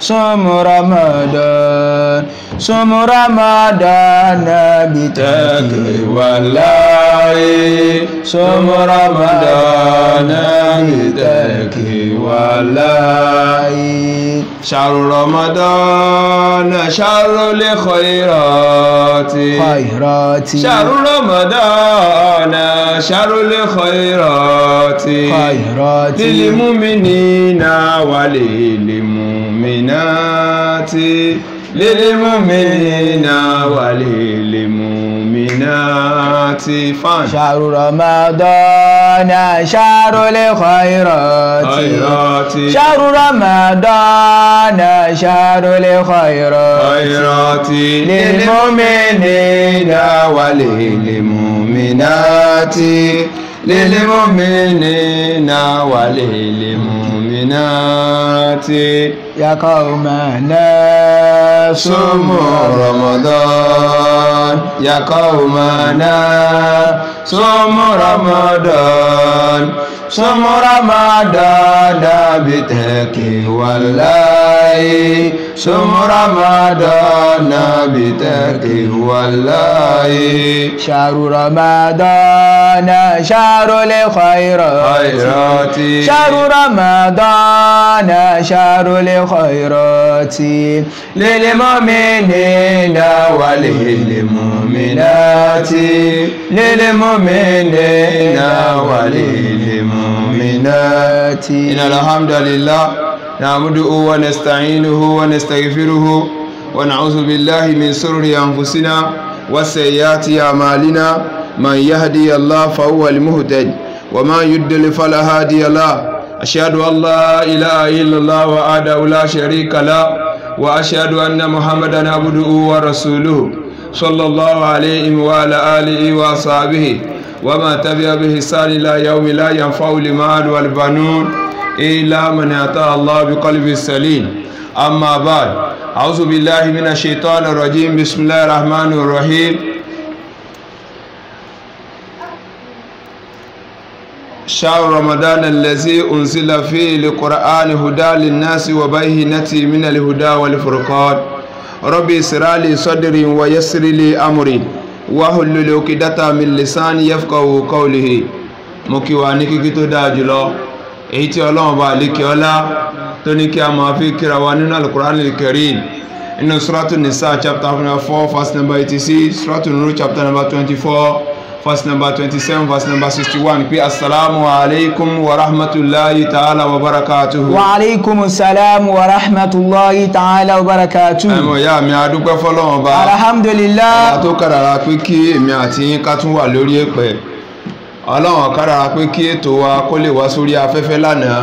صم رمضان صم رمضان بتقوى الله صم رمضان بتقوى الله شهر رمضان شهر لخيرات خيرات شهر رمضان شهر لخيرات خيرات للمؤمنين وللمؤمنين والمؤمنات للمؤمنين وللمؤمنات شهر رمضان شهر الخيرات شهر رمضان شهر الخيرات للمؤمنين وللمؤمنات للمؤمنين وللمؤمنات البينات يا قومنا صوموا رمضان يا قومنا صوموا رمضان صم رمضان بتقي والله صم رمضان بتقي والله شهر رمضان شهر لخيراتي شهر رمضان شهر لخيراتي للمؤمنين وللمؤمنات للمؤمنين وللمؤمنات المؤمنات إن الحمد لله نعمده ونستعينه ونستغفره ونعوذ بالله من سرور أنفسنا وسيئات أعمالنا من يهدي الله فهو المهتد وما يدل فلا هادي له أشهد أن لا إله إلا الله وحده لا شريك له وأشهد أن محمدا عبده ورسوله صلى الله عليه وعلى آله وصحبه وما تبع بإحسان إلى يوم لا ينفع المال والبنون إلا من أتى الله بقلب سليم أما بعد أعوذ بالله من الشيطان الرجيم بسم الله الرحمن الرحيم شهر رمضان الذي أنزل فيه القرآن هدى للناس وبينة من الهدى والفرقان ربي اسرع لي صدري ويسر لي أمري wahlul uqdata min lisani yafqahu qawlihi mo kí wa ní kíkí tó dáa jùlọ èyí tí ọlọ́run bá lékè ọlá a máa fi kíra wa nínú alukur'an al-karim suratu nisa chapter four verse number eighty six suratu nuru chapter number twenty four verse number twenty-seven verse number sixty-one pé asalaamu aleykum wa rahmatulahi ta'ala wa barakatuhu. wa aleykum salaam wa rahmatulahi ta'ala wa barakatuhu. ẹ mọ̀ ya mi adúpẹ́ fọlọ́wọ́n ba. alhamdulilah. ọ̀la tó kàdàrà pé kí èmi àti yín ká tún wà lórí èpè ọlọ́run kàdàrà pé kí ètò wa kó lè wá sórí afẹ́fẹ́ lánàá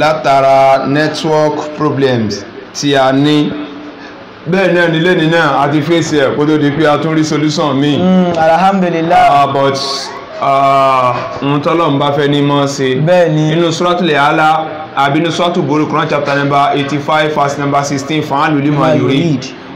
látara network problems tí a ní bẹ́ẹ̀ náà nílé ní náà a ti fèsì ẹ̀ kó tó di pé a tún rí solution míì. Mm, alhamdulilayi. Ah, but ah, ohun tọ́lọ̀ ń bá fẹ́ ní mọ́ ṣe. bẹ́ẹ̀ ni. inú suratul ala àbínú suratul buru Quran chapter number eighty five verse number sixteen fàánù lima yorì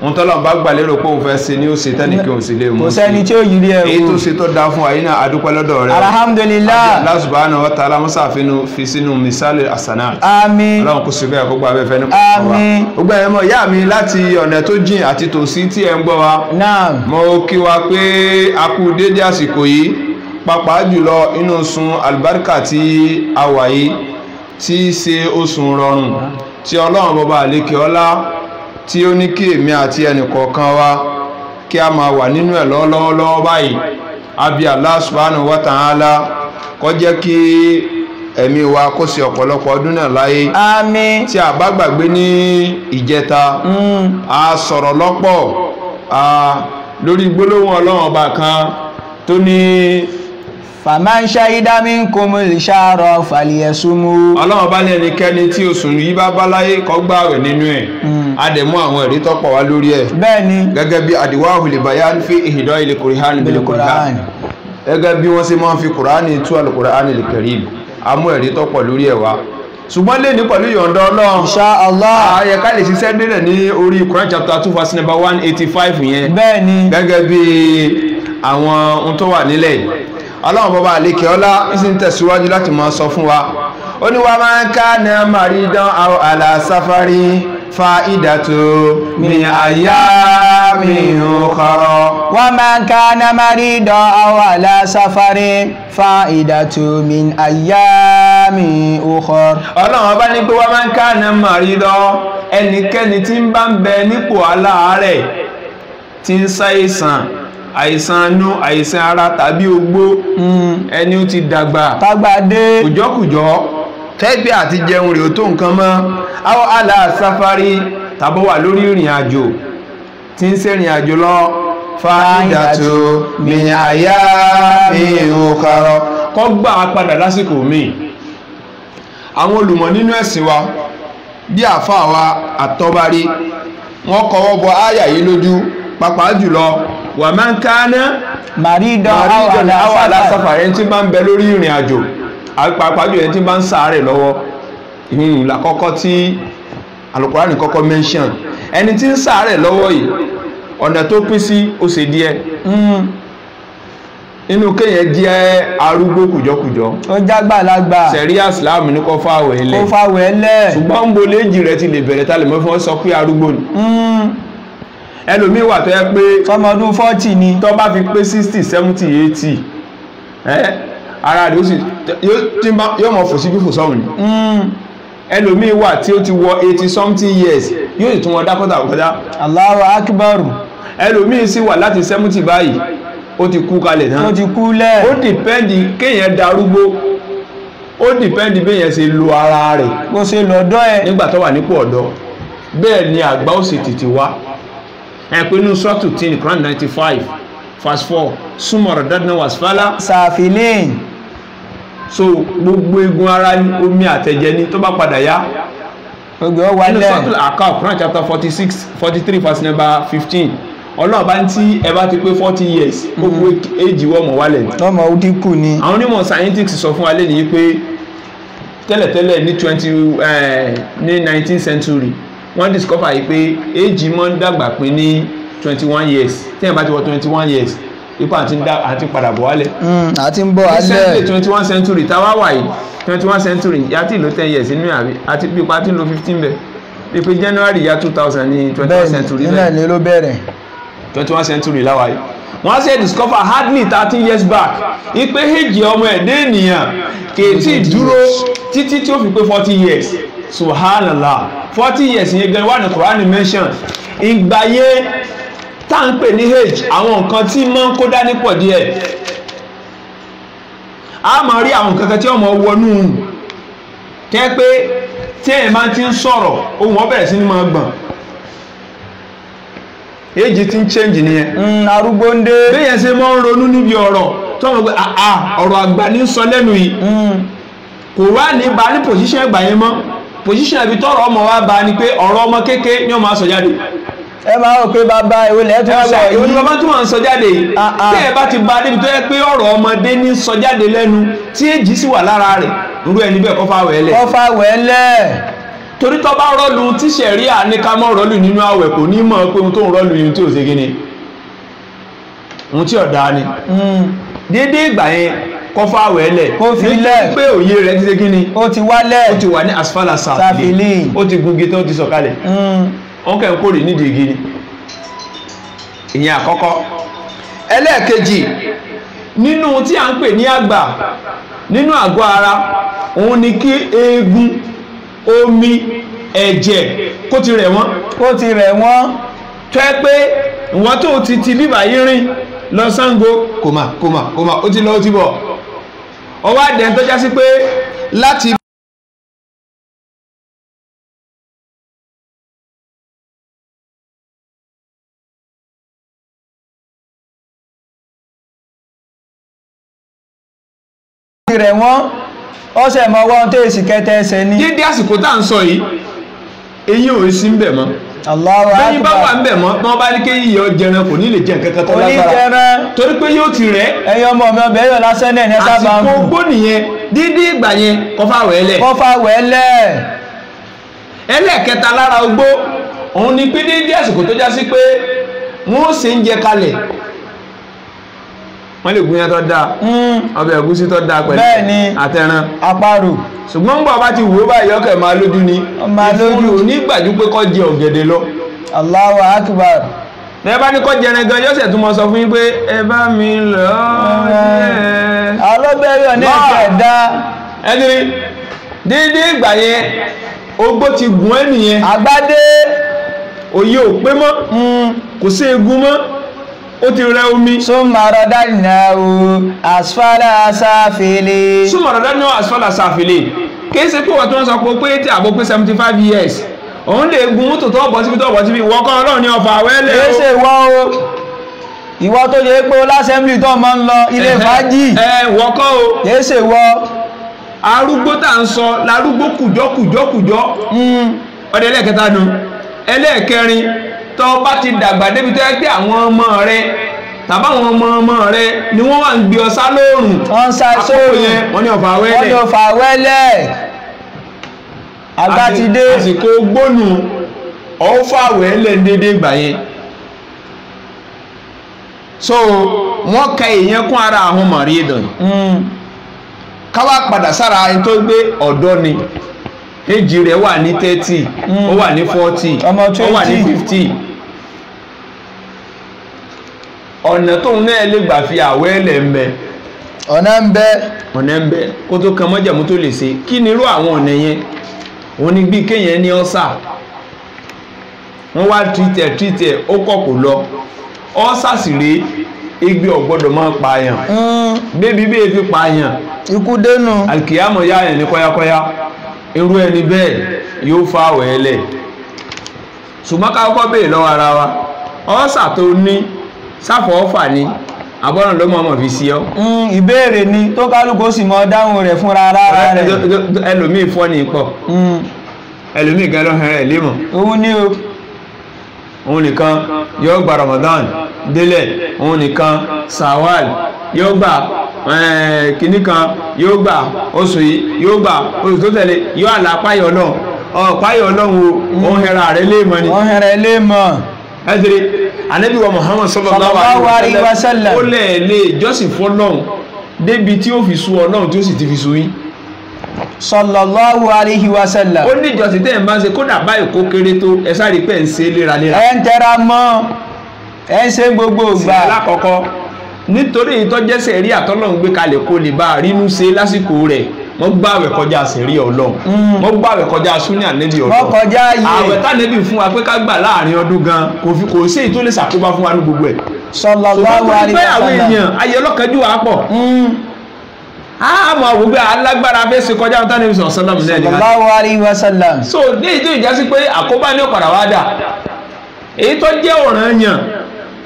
n tọ́lọ̀ bá gbà lérò pé òun fẹ́ ṣe ni ó ṣe tẹ́nìkan ò sì lè mú sí. kò sẹ́ni tí ó yí rí ẹ̀rù. èyí tó ṣe tó da fún wa yìí náà adúpẹ́ lọ́dọ̀ rẹ. alhamdulilayi. Allah subhanahu wa ta'ala musa àfinu fi sínú misali asana. àmín. ọlọ́run kò sí bẹ́ẹ̀ kó gba abẹ́fẹ́ nípa wa. àmín. gbogbo ẹ̀rọ mọ̀ ìyá mi láti ọ̀nà tó jìn àti tòsí tí ẹ̀ ń gbọ́ wa. naam. mo kí wa pé a kú déédé àsìkò yìí pàápàá jùlọ inú sun alibarika tí a wà yìí tí í ṣe oṣù rọrùn ọlá tí ó ní kí èmi àti ẹnìkọ̀ọ̀kan wa kí a máa wà nínú ẹ̀ lọ́wọ́lọ́wọ́ báyìí àbí Allah subhanahu wa ta'ala kó jẹ́ kí ẹ̀mí wa kó ṣe ọ̀pọ̀lọpọ̀ ọdún náà láyé àmín tí a bá gbàgbé ní ìjẹta mm. a sọ̀rọ̀ lọ́pọ̀ lórí gbólóhùn ọlọ́run ọba kan tó ní fàmán ṣáídá mi ń kó mo lè ṣàárọ̀ fàlìyẹ̀sùn mu. ọlọ́run bá ní ẹnikẹ́ni tí oṣù yìí bá bá láyé kó gbààwẹ̀ nínú ẹ̀. Mm a dẹ̀ mú àwọn ẹ̀rí tó wá lórí ẹ̀. bẹ́ẹ̀ni. gẹ́gẹ́ bí adiwahul bayan fi ìhìdọ́ ilé kùrìhánì bílẹ̀ kùrìhánì. gẹ́gẹ́ bí wọ́n ṣe máa ń fi kùrìhánì tú alukùrìhánì lè karim a mú ẹ̀rí tó lórí ẹ̀ wá ṣùgbọ́n lè pẹ̀lú yọ̀ǹda ọlọ́run insha Allah ààyè ká lè ṣiṣẹ́ délẹ̀ ní orí Quran chapter two verse number one eighty five yẹn bẹ́ẹ̀ ni bí àwọn ohun tó wà nílẹ̀ yìí ọlọ́run bọ́ba àlékè ọlá ìsìn tẹ̀síwájú láti máa sọ fún wa ó ní wàá máa ń ká ní àmàrídán àlàsáfárì. Fa'idatu min أيام أخرى ومن كان مريضا أو على سفر safari fa'idatu min أخرى ọlọ́run ọba ní pé wọ́n máa man káàná màrídọ́ ẹnikẹ́ni tí ń bá ń bẹ nípò aláàárẹ̀ tí ń ṣàìsàn àìsàn inú àìsàn ara tàbí ogbó hmm. ẹni ó ti dàgbà tágbà dé kùjọ́kùjọ́ tẹ́gbẹ́ àti jẹun rèé tó nǹkan mọ́ àwọn aláàsáfárí tàbí wà lórí ìrìn àjò tí ń sẹ́rìn àjò lọ fàáyàtò mi àyà mi ò kàrọ kọ́ gbà á padà lásìkò mi àwọn olùmọ̀ nínú ẹ̀sìn wa bí àáfàá wa àtọ́bárí wọ́n kọ́wọ́ bọ àyà yìí lójú pàápàá jùlọ wà máa ń káná màrídọ̀ àwọn aláṣàfàrí tí máa ń bẹ lórí ìrìn àjò pàápàá jù ẹni tí bá ń sàárẹ̀ lọ́wọ́ ìyẹn ìlà kọ́kọ́ tí alukurani kọ́kọ́ mention ẹni tí ń sàárẹ̀ lọ́wọ́ yìí ọ̀nà tó pín sí ó ṣe díẹ̀ hmm. inú kéèyàn jẹ́ arúgbó kùjọkùjọ. ó jágbàlagbà. sẹ̀ríà islam ní kó fáwọ̀ ẹ lẹ̀. kó fáwọ̀ ẹ lẹ̀. ṣùgbọ́n ń boléjì rẹ ti lè bẹ̀rẹ̀ tá lè mọ́ fún ọ sọ pé arúgbó ni. Hmm. ẹlòmíì wà tó yẹ pé. tọmọdún fọ́tì ni. tó bá fi pé sixty seventy eighty ara rẹ̀ ó sì yóò mọ̀ fò sí fífò sọ́hùn ni hmm. ẹlòmíì wà tí ó ti wọ eighty something years yóò sì tún wọn dákọ́tà kọjá. Allahu akbar. ẹlòmíì sì wà láti seventy báyìí ó ti kú kalẹ̀ náà. ó ti kú lẹ̀. ó dìpẹ́ndì kéèyàn darúgbó ó dìpẹ́ndì béèyàn ṣe lo ara rẹ̀. bó ṣe lọ ọ̀dọ́ ẹ. nígbà tó wà nípò ọ̀dọ́ bẹ́ẹ̀ ni àgbà ó sì tètè wá ẹ pé inú sọ́ọ̀tù tí ní ninety five verse four súnmọ̀rọ̀ dandan wà sífàlà. sàfìlín. so gbogbo egun ara omi àtẹ̀jẹ̀ ni tó bá padà yá. gbogbo ọwọ́ alẹ́. nínú sọ́tún àkàw Quran chapter forty six forty three verse number fifteen ọlọ́run bá ń tí ẹ bá ti pé forty years mm-hmm. gbogbo èjì wọ́ọ̀mọ̀ wálẹ̀ ni. lọ́mọ ó dínkù ni. àwọn onímọ̀ scientists sọ fún wa lẹ́nu pé tẹ́lẹ̀tẹ́lẹ̀ ní twenty eh, ní nineteen century wọ́n discover yìí pé èjì máa ń dàgbà pín ní 21 one years téèyàn bá ti wọ 21 years ipò àti ń dá àti padà bọ̀ wálẹ̀. àti hmm, ń bọ̀ alẹ́ ní twenty one century táwa wà yìí twenty century yà á 10 lo ten years nínú àbí àti pípa àti lo 15. bẹ́ẹ̀ pípé January yà 2000. thousand ní twenty century bẹ́ẹ̀ bẹ́ẹ̀ nílẹ̀ ló bẹ̀rẹ̀. twenty century láwa yìí wọ́n á ṣe discover hardly thirty years back ipe èjì ọmọ ẹ̀dẹ́ ènìyàn kèétí dúró títí tí ó fi pé forty years subhanallah forty years yẹn gan wà ní Quran mention ìgbà yẹn tá à ń pè ní h àwọn nǹkan tí mọ́ kó dání pọ̀ díẹ̀ a máa rí àwọn kankan tí wọ́n mọ̀ wọnú tẹ́ pé tí ẹ̀ máa ti ń sọ̀rọ̀ ohun wọn sí ni máa gbọ̀n èjì ti ń change nìyẹn. Mm, arúgbó ń dé. bẹ́ẹ̀ ṣe máa ń ronú níbi ọ̀rọ̀ tọ́wọ́n pé ọ̀rọ̀ àgbà ní sọ lẹ́nu yìí mm. kò wá ní ba ní position ẹgbà mọ́ position ẹbí tọ́rọ̀ ọmọ wa ba ni pé ọ̀rọ̀ ọmọ kéke ni wọ́n máa sọ jáde ẹ máa rò pé bàbá ìwé lẹ́ẹ̀ tó ń sọ yìí. ìwé ni bàbá tó máa ń sọ jáde yìí ah, ah. tẹ́ ẹ bá ti ba débi tó yẹ pé ọ̀rọ̀ ọmọdé ní sọ jáde lẹ́nu tí èjì sì wà lára rẹ̀ irú ẹni bẹ́ẹ̀ kọ́fà wẹ́lẹ̀. kọ́fà wẹ́lẹ̀. torí tó bá rọ́ọ̀lù tíṣẹ̀rí àníkàmọ́ rọ́ọ̀lù nínú àwẹ̀ kò ní mọ̀ pé ohun tó ń rọ́ọ̀lù yìí tí ò ṣe kí ni ohun tí ọ̀dà ni hmm. dédé ìgbà yẹn kọ́ fáwọ̀ ẹlẹ̀ kó fi lẹ̀ pé òye rẹ̀ ti ṣe kí ni ó ti wálẹ̀ ó ti wà ní asfala sàfilé ó ti gungi tó ti sọ̀kalẹ̀. Hmm wọn kàn ń kórè nídìí igi ni ìyẹn àkọ́kọ́ ẹlẹ́ẹ̀kejì nínú tí a ń pè ní àgbà nínú àgọ́ ara òun ni kí eegun omi ẹ̀jẹ̀ kó ti rẹ̀ wọ́n. kó ti rẹ̀ wọ́n. tó ẹ pé ìwọ́n tó ti ti bíbà yín rìn lọ Ṣàngó kòmà kòmà kòmà ó ti lọ ó ti bọ̀ ọwọ́ àdẹ̀ tó já sí pé láti wọ́n ọ̀sẹ̀ mọ wọ́n tó èsì kẹtẹ ẹsẹ̀ ni. yé dé àsìkò tá à ń sọ yìí eyín ò sí ń bẹ̀ mọ́ bẹ́yìn bá wà ń bẹ̀ mọ́ tán bá ní ké yíyọ jẹran kò ní lè jẹ nǹkan kan tó lágbára oníjẹran torí pé yóò ti rẹ̀. ẹyọ ọmọ mi ọbẹ̀ yóò lásán náà ní ẹ sábà ń kú. àsìkò ogbó nìyẹn dídí ìgbà yẹn kọfà wẹ́lẹ̀. kọfà wẹ́lẹ̀. ẹlẹ́ẹ̀kẹta lára ogbó òun ni pé dídí àsìkò tó já sí pé wọ́n lè gún yẹn tó dáa hmm. ọbẹ̀ ẹ̀gúsí tó dáa pẹ̀lú àtẹran àparò ṣùgbọ́n ń bọ̀ bá ti wò ó báyìí ọkẹ́ máa lójú ni ìfúnni ò ní gbàjú pé kó jẹ ọ̀gẹ̀dẹ̀ lọ. Allahu akbar. bẹ́ẹ̀ bá ní kó jẹrin gan yọ́sẹ̀ tún mọ sọ fún yín pé ẹ bá mi lọ ọ́ọ́yẹ́. alọ́bẹ̀rẹ̀ ní ìkẹ̀dá. ẹ ti rí dídí ìgbà yẹn ogbó ti gùn ẹ́ nìyẹn. àgbádé. òye ò pé mọ́ hmm. kò sí egun mọ́ ó ti rẹ omi. súnmọ́rọ̀ dáná o asfálà sáfìlì. súnmọ́rọ̀ dáná o asfala sáfìlì. kì í ṣe pé wọ́n tí wọ́n sọ pé pé tí àbò pé seventy five years òun lè gun mọ́tò tó bọ́ síbi tó bọ́ síbi ìwọ́kọ́ ọlọ́run ní ọ̀fà wẹ́lẹ̀ o. kì í ṣe ìwọ o ìwọ tó yẹ pé lásẹ̀mìlì tó máa ń lọ ilé fàájì. ẹ wọ́kọ́ o. kì í ṣe ìwọ. arúgbó tá à sọ larúgbó kùjọ́kùjọ́kùjọ́ hmm. ọdẹ ẹlẹ́ẹ̀kẹta nu ẹlẹ́ẹ̀kẹrin tó o bá ti dàgbà débi tó yẹ pé àwọn ọmọ rẹ tàbáwọn ọmọ ọmọ rẹ ni wọ́n wà ń gbé ọsá lóòrùn àkókò yẹn wọ́n ní ọ̀fà wẹ́lẹ̀ wọ́n ní ọ̀fà wẹ́lẹ̀ àsìkò so wọ́n ka èèyàn kún ara àwọn mọ̀rí dàn hmm. káwá padà sára ẹni tó gbé ni. eji rẹ wà ní thirty ó wà ní hmm. forty ó wà ní fifty ọ̀nà náà lè gbà fi àwẹ̀ ẹ̀lẹ̀ ń bẹ. ọ̀nà ń bẹ. ọ̀nà ń bẹ kó tó kan mọ́jàmú tó lè ṣe kí ni irú àwọn ni bí kéèyàn ní ọ́sà wọ́n wá tìtẹ̀ tìtẹ̀ ó kọ̀ lọ ọ́sà sì rèé igbe ọgbọdọ máa pààyàn hmm. bébí bẹ́ẹ̀ fi pààyàn ikú dénú ní irú ẹni bẹ́ẹ̀ yóò fa àwẹ̀ ẹlẹ̀ ṣùgbọ́n ká kọ́kọ́ béèrè lọ́wọ́ ara wa ọ́sà tó ní sáfọ̀ ọ́fà ni àbọ̀ràn ló mọ̀ mọ̀ fi sí ọ́. Hmm, ìbéèrè ni tó kálukú sì mọ dáhùn rẹ̀ fúnra ara rẹ̀. ẹlòmíì fọ́ ni pọ̀ hmm. ẹlòmíì gan lọ́hìn rẹ̀ lémọ̀. òun ni o. òun nìkan yóò gba Ramadan délẹ̀ òun nìkan Sawal yóò gba Eh, kìnnì kan yóò gbà oṣù yìí yóò gbà oṣù tó tẹ̀lé yóò àlà páyọ̀ náà ọ̀páyọ̀ ọlọ́run ó hẹra rẹ̀ léèmọ̀ ni. ó hẹra ẹ léèmọ̀. ẹ ti rí anabi wa muhammad sallallahu alayhi wa sallam ó lẹ̀ lè jọ́sìn fún ọlọ́run débi tí ó fi sú ọlọ́run tí ó sì ti fi sú yín. sallallahu alayhi wa sallam. ó ní ìjọsìn tẹ́ ẹ̀ máa ń ṣe kódà báyìí kó kéré tó ẹ sáré pẹ́ ń ṣe léraléra. ẹ ń tẹra mọ́ ẹ ń ṣe gbogbo ògbà. sí alákọ̀ọ́kọ́ nítorí ìtọ́jẹ́ sẹ̀rí àtọ́lọ́run gbé kalẹ̀ kó lè bá a rínú ṣe lásìkò rẹ̀ wọ́n gbààwẹ̀ kọjá sẹ̀rí ọlọ́run mm. wọ́n gbààwẹ̀ kọjá súnì ànẹ́bí ọlọ́run àwẹ̀ tànẹ́bí fún wa pé ká gbà láàrin ọdún gan kò fi kò sí èyí tó lè ṣàkóbá fún wa ní gbogbo ẹ̀. sọlọ́láwọ́ àríwá àwọn èèyàn wa pọ̀ àmọ́ mm. àwògbé alágbára fẹ́ ṣe kọjá ọ̀tá níbi sọ̀rọ̀ sọ́lọ́mù náà nìkan. sallallahu alaihi wasallam. so ní ìjọ ìjásí pé àkóbá ní ọ̀pàdà wa dà èyí tó jẹ́ ọ̀ràn yàn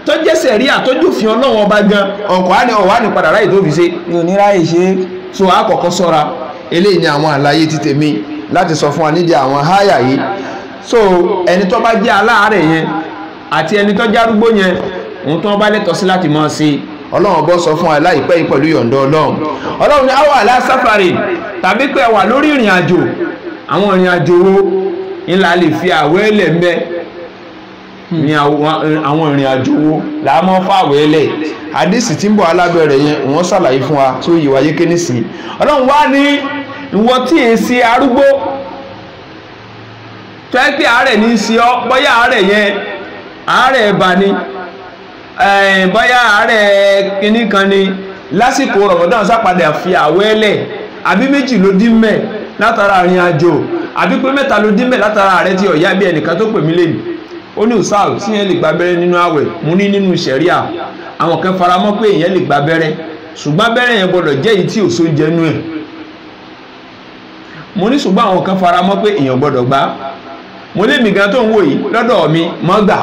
tó jẹ́ sẹ̀ríà tó jòfin ọlọ́wọ́ ọba gan ọ̀kọ́ àni ọ̀wá ni padà ráyè tó fi ṣe. mi ò ní ráyè ṣe. so a kọ́kọ́ sọ́ra eléyìí ni àwọn àlàyé ti tèmi láti sọ fún wa nídìí àwọn háyà yìí so ẹni tó bá jẹ́ aláàárẹ̀ yẹn àti ẹni tó járúgbó yẹn òun tó bá lẹ́tọ̀ọ́ sí láti mọ̀ sí ọlọ́run bọ́ sọ fún wa láìpẹ́ yìí pẹ̀lú yọ̀ǹda ọlọ́run ọlọ́run ni àwọn àlá sáfàrì tàbí pé wà lórí ìrìn àjò àwọn ìrìn àjò wo ńlá lè fi àwẹ́ lẹ̀ mẹ́ ní àwọn ìrìn àjò wo là á mọ́ fàwẹ́ lẹ̀ àdìsí tí ń bọ̀ alábẹ̀rẹ̀ yẹn wọ́n ṣàlàyé fún wa tó yìí wáyé ké nísì ọlọ́run wá ní ìwọ tí èé ṣe arúgbó tẹ́ pé àárẹ̀ ní í ṣe ọ́ bóyá àárẹ̀ yẹn àárẹ̀ ẹ̀bà ni bóyá àárẹ̀ kínní kan ni lásìkò rọ̀mọ́dán sápadà fi àwẹ́lẹ̀ àbí méjì ló dín mẹ́ látara ìrìn àjò àbí pé mẹ́ta ló dín mẹ́ látara àárẹ̀ tí ọ̀yá bí ẹnìkan tó pè mí lẹ́nu ó ní usal sí yẹn lè gba abẹ́rẹ́ nínú àwẹ̀ mo ní nínú sẹ̀ríà àwọn kan faramọ́ pé èèyàn lè gba abẹ́rẹ́ ṣùgbọ́n abẹ́rẹ́ yẹn gbọ́dọ̀ jẹ́ èyí tí òṣó jẹnu ẹ̀ mo ní ṣùgbọ́n àwọn kan faramọ́ pé èèyàn gbọ́dọ̀ gbá mo lé mi gan tó ń wò yìí lọ́dọ̀ mi mọ́ gbà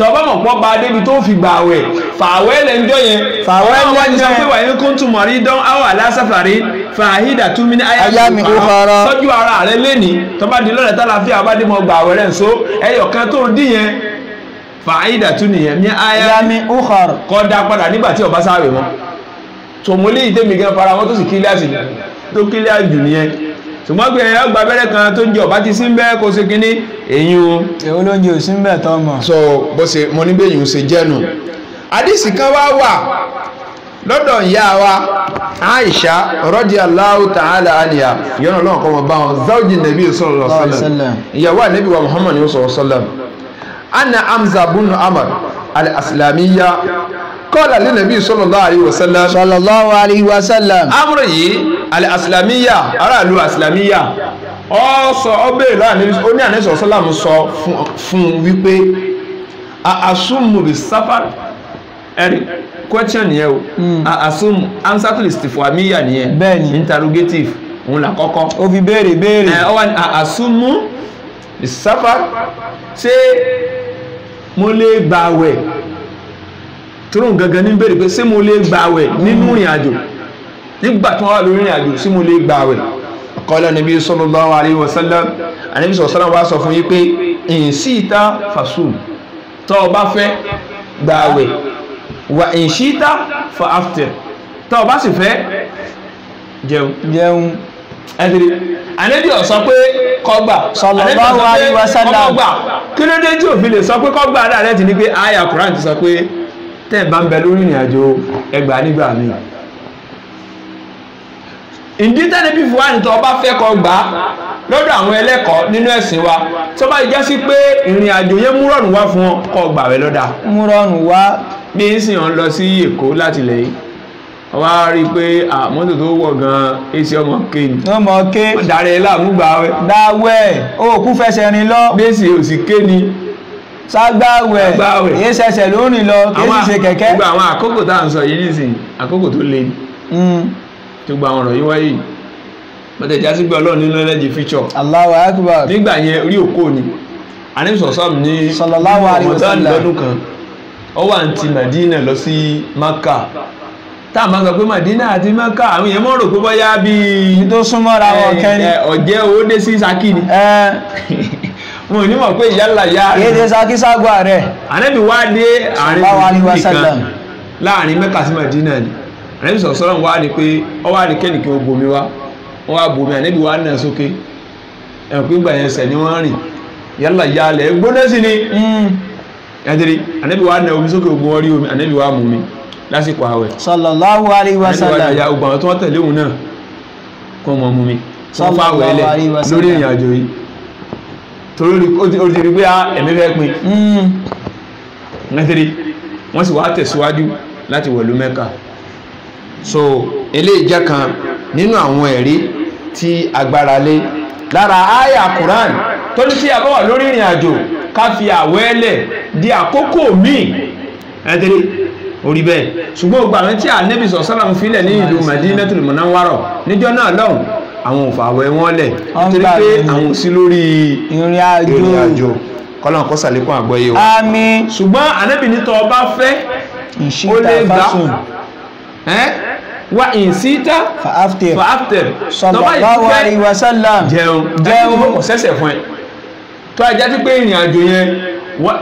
tọ́ba mọ̀ pọ́ ba débi tó fi gbà wẹ̀ fàwẹ́ lẹ̀ ń jọ yẹn fàwẹ́ lẹ̀ ń jọ yẹn wọ́n ti sọ pé wà ní kóńtù mọ̀rí dán áwà lásàfàrí fàhídà túnmí ní ayámi òkàrà tọ́jú ara rẹ lẹ́ni tọ́ba di lọ́rẹ̀ tálàfíà bá dé mọ gbà wẹ̀ rẹ̀ nso ẹyọ kan tó dín yẹn fàhídà tún nìyẹn ní ayámi òkàrà kọ́ da padà nígbà tí ọba sáré wọn tòmólé ìdẹ́mi gan fara wọn tó sì kílíà sí tó kílíà jù nìyẹn ṣùgbọ́n pé ẹ̀yà gba abẹ́rẹ́ kan tó ń jẹ ọ̀bá ti sí ń bẹ́ kó ṣe kínní èyí o. èwo ló ń jẹ òsín bẹ́ẹ̀ tán mọ̀. sọ bó ṣe mo ní bẹ́ẹ̀ yìí ń ṣe jẹ́nu. àdìsí kan wá wà lọ́dọ̀ ìyá wa Aisha radiyallahu ta'ala anha ìyọ́nà ọlọ́run kọ́ wọn bá wọn zawji nàbí sallallahu alaihi wasallam ìyàwó ànábì wa Muhammad sallallahu alaihi wasallam Amr al-Aslamiyya kọ́lá lé nàbí sallallahu alayhi wa sallam. sallallahu alayhi wa sallam. amúrò yìí alẹ́ àsìlámíyà aráàlú àsìlámíyà ọ sọ ọ bẹ́ẹ̀ lọ́wọ́ ó ní àníṣọ́ sálàmù sọ fún wípé àásùmù bí sáfàrì ẹ̀rí question nìyẹn o àásùmù hmm. answer to list fún àmíyà nìyẹn bẹ́ẹ̀ni interrogative òun là kọ́kọ́. ó fi béèrè béèrè. ẹ ọ wá ní àásùmù bí sáfàrì ṣé mo lè gbàwẹ̀ tóró gangan ní bèrè pé ṣé mo lè gba àwẹ̀ nínú ìrìn àjò nígbà tí wọ́n wà lórí ìrìn àjò ṣé mo lè gba àwẹ̀ qala nabi sallallahu alaihi wasallam àníbi sallallahu wa sọ fún yín pé in shi'ta fasum tó bá fẹ́ gba àwẹ̀ wa in for after, aftir tó o bá sì fẹ́ jẹun jẹun ẹtìrì àníbi ọ̀sán pé kọ́gbà sallallahu alaihi wasallam kí ló dé tí òfin lè sọ pé kọ́gbà rẹ̀ ti ní pé àyà Kùránì sọ pé tẹ́ ẹ̀ bá ń bẹ lórí ìrìn àjò ẹgbà nígbà míì ìdí tẹ́ni bí fúwa nìtọ́ ọba fẹ́ kọ gbà á lọ́dọ̀ àwọn ẹlẹ́kọ̀ọ́ nínú ẹ̀sìn wa tó bá jẹ́ sí pé ìrìn àjò yẹn múrọ̀nù wá fún ọ kọ gbà rẹ lọ́dà. múrọ̀nù wá. bí n sì ń lọ sí èkó láti lè wá rí i pé mọ́tò tó wọ̀ gan-an èsì ọmọ ké ni. ọmọ ké. darí ẹ láàmú gbà wẹ. dáwẹ́ òkú fẹsẹ̀ rin lọ. bí èsì òsì ké ni ságbáwẹ̀ kìí ṣẹṣẹ lórí lọ kìí sì ṣe kẹ̀kẹ́. gbogbo àwọn àkókò tá à ń sọ yìí nísìnyí àkókò tó le ni hmm. tó gba àwọn ọ̀rọ̀ yìí wáyé yìí bọ́tẹ̀ já sí pé ọlọ́run nínú ẹlẹ́jì fíṣọ̀. Allahu akbar. nígbà yẹn rí òkò ni àní sọ̀sọ́m ní mọ̀tán lọ́dún kan ó wà ní ti Madina lọ sí Maka tá a máa sọ pé Madina àti Maka àwọn èèyàn mọ̀ rò pé bọ́yá bíi. ní tó súnmọ́ra wọn kẹ́ni. ọ̀jẹ́ owó dé sí Saki ni. mo ní mọ̀ pé ìyá ńlá ya rẹ̀. kéde sakisagba rẹ̀. ànábì wá dé àárín mùsùlùmí kan láàrin mẹ́kà sí madina ni ànábì sọ̀rọ̀ sọ́rọ̀ wá ní pé ọ wá ní kẹ́nìkì obomi wá wọ́n wá bomi ànábì wá nà sókè ẹ̀rọ pé gbà yẹn sẹ̀ ni wọ́n rìn yálà ya lẹ̀ gbóná sí ni hmm. ẹ̀dẹ̀rẹ̀ ànábì wá nà omi sókè ogun ọrí omi ànábì wá mú mi lásìkò àwẹ̀. sallallahu alaihi wasallam ànábì wá nà ya ogun àwọn tó wọ́n tẹ̀lé òun náà kọ́ mọ́ mú mi. sallallahu alaihi wasallam lórí ìrìn àjò torí ó ti rí pé ẹ̀mí fẹ́ pin hmm. mẹ́tẹ́rì wọ́n sì wá tẹ̀síwájú láti wọ̀lú mẹ́ka so eléyìí jẹ́ kan nínú àwọn ẹ̀rí tí agbára lé lára àyà Quran tó ní tí a bá wà lórí ìrìn àjò ká fi àwẹ́lẹ̀ di àkókò míì mẹ́tẹ́rì orí bẹ́ẹ̀ ṣùgbọ́n gbàgbọ́n tí ànẹ́bìsọ̀ sálàmù fílẹ̀ ní ìlú Madinatul Munawwara níjọ́ náà lọ́hùn àwọn ò fàwẹ́ wọn lẹ̀ torí pé àwọn ò sí lórí ìrìn àjò kọ́lọ́n kọ́ sàlékún àgbọ́yé wa. àmín. ṣùgbọ́n ànábì ní tó bá fẹ́ ó lè gbà wa ìsíta fàáftẹ̀ fàáftẹ̀ sallallahu alaihi wasallam jẹun jẹun kò sẹ́sẹ̀ fún ẹ tó ajá sí pé ìrìn àjò yẹn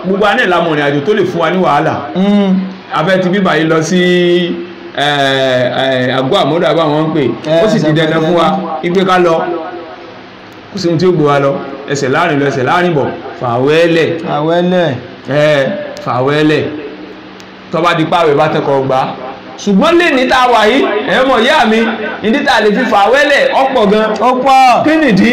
gbogbo anẹ́ làmọ̀ ìrìn àjò tó lè fún wa ní wàhálà mm. afẹ́ ti bíbà yìí lọ sí àgọ́ àmúdà bá wọn ń pè eh, ó sì ti dandan fún wa ipe ká lọ kò sí ohun tí ó gbé wa lọ ẹsẹ̀ láàrin lọ ẹsẹ̀ láàrin bọ̀ fàwẹ́lẹ̀ fàwẹ́lẹ̀ eh, fàwẹ́lẹ̀ tọ́ba di pààwẹ̀ bá tẹ́kọ̀ọ́ gbà á ṣùgbọ́n lè ní ta wà yìí ẹ̀mọ̀ ìyá mi ìdí ta lè fi fàwẹ́lẹ̀ ọ̀pọ̀ gan ọ̀pọ̀ kí nìdí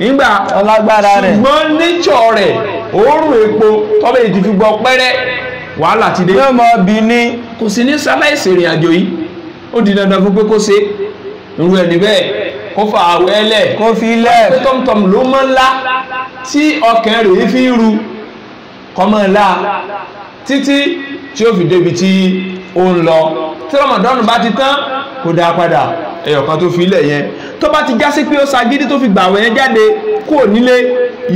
nígbà ọlágbára rẹ̀ ṣùgbọ́n nature rẹ̀ òórùn epo tọ́lẹ̀ ti fi gbọ́ pẹ́rẹ́ wàhálà ti dé. yóò mọ bí ní. kò sí ní sáláìsì ìrìn àjò yìí ó di dandan fún pé kó ṣe irú ẹni bẹ́ẹ̀ kó fa àwẹ̀ lẹ̀. kó fi lẹ̀. pé tọ́mtọ́m ló mọ́ ńlá tí ọkàn rẹ̀ fi ń ru kọ́mọ́ títí tí ó fi débi tí ó ń lọ tí rọmọdọ́nù bá ti tán kò dáa padà ẹ̀yọ̀kan tó fi ilẹ̀ yẹn tó bá ti já sí pé ó ṣagídí tó fi gbàwẹ̀ yẹn jáde kúrò nílé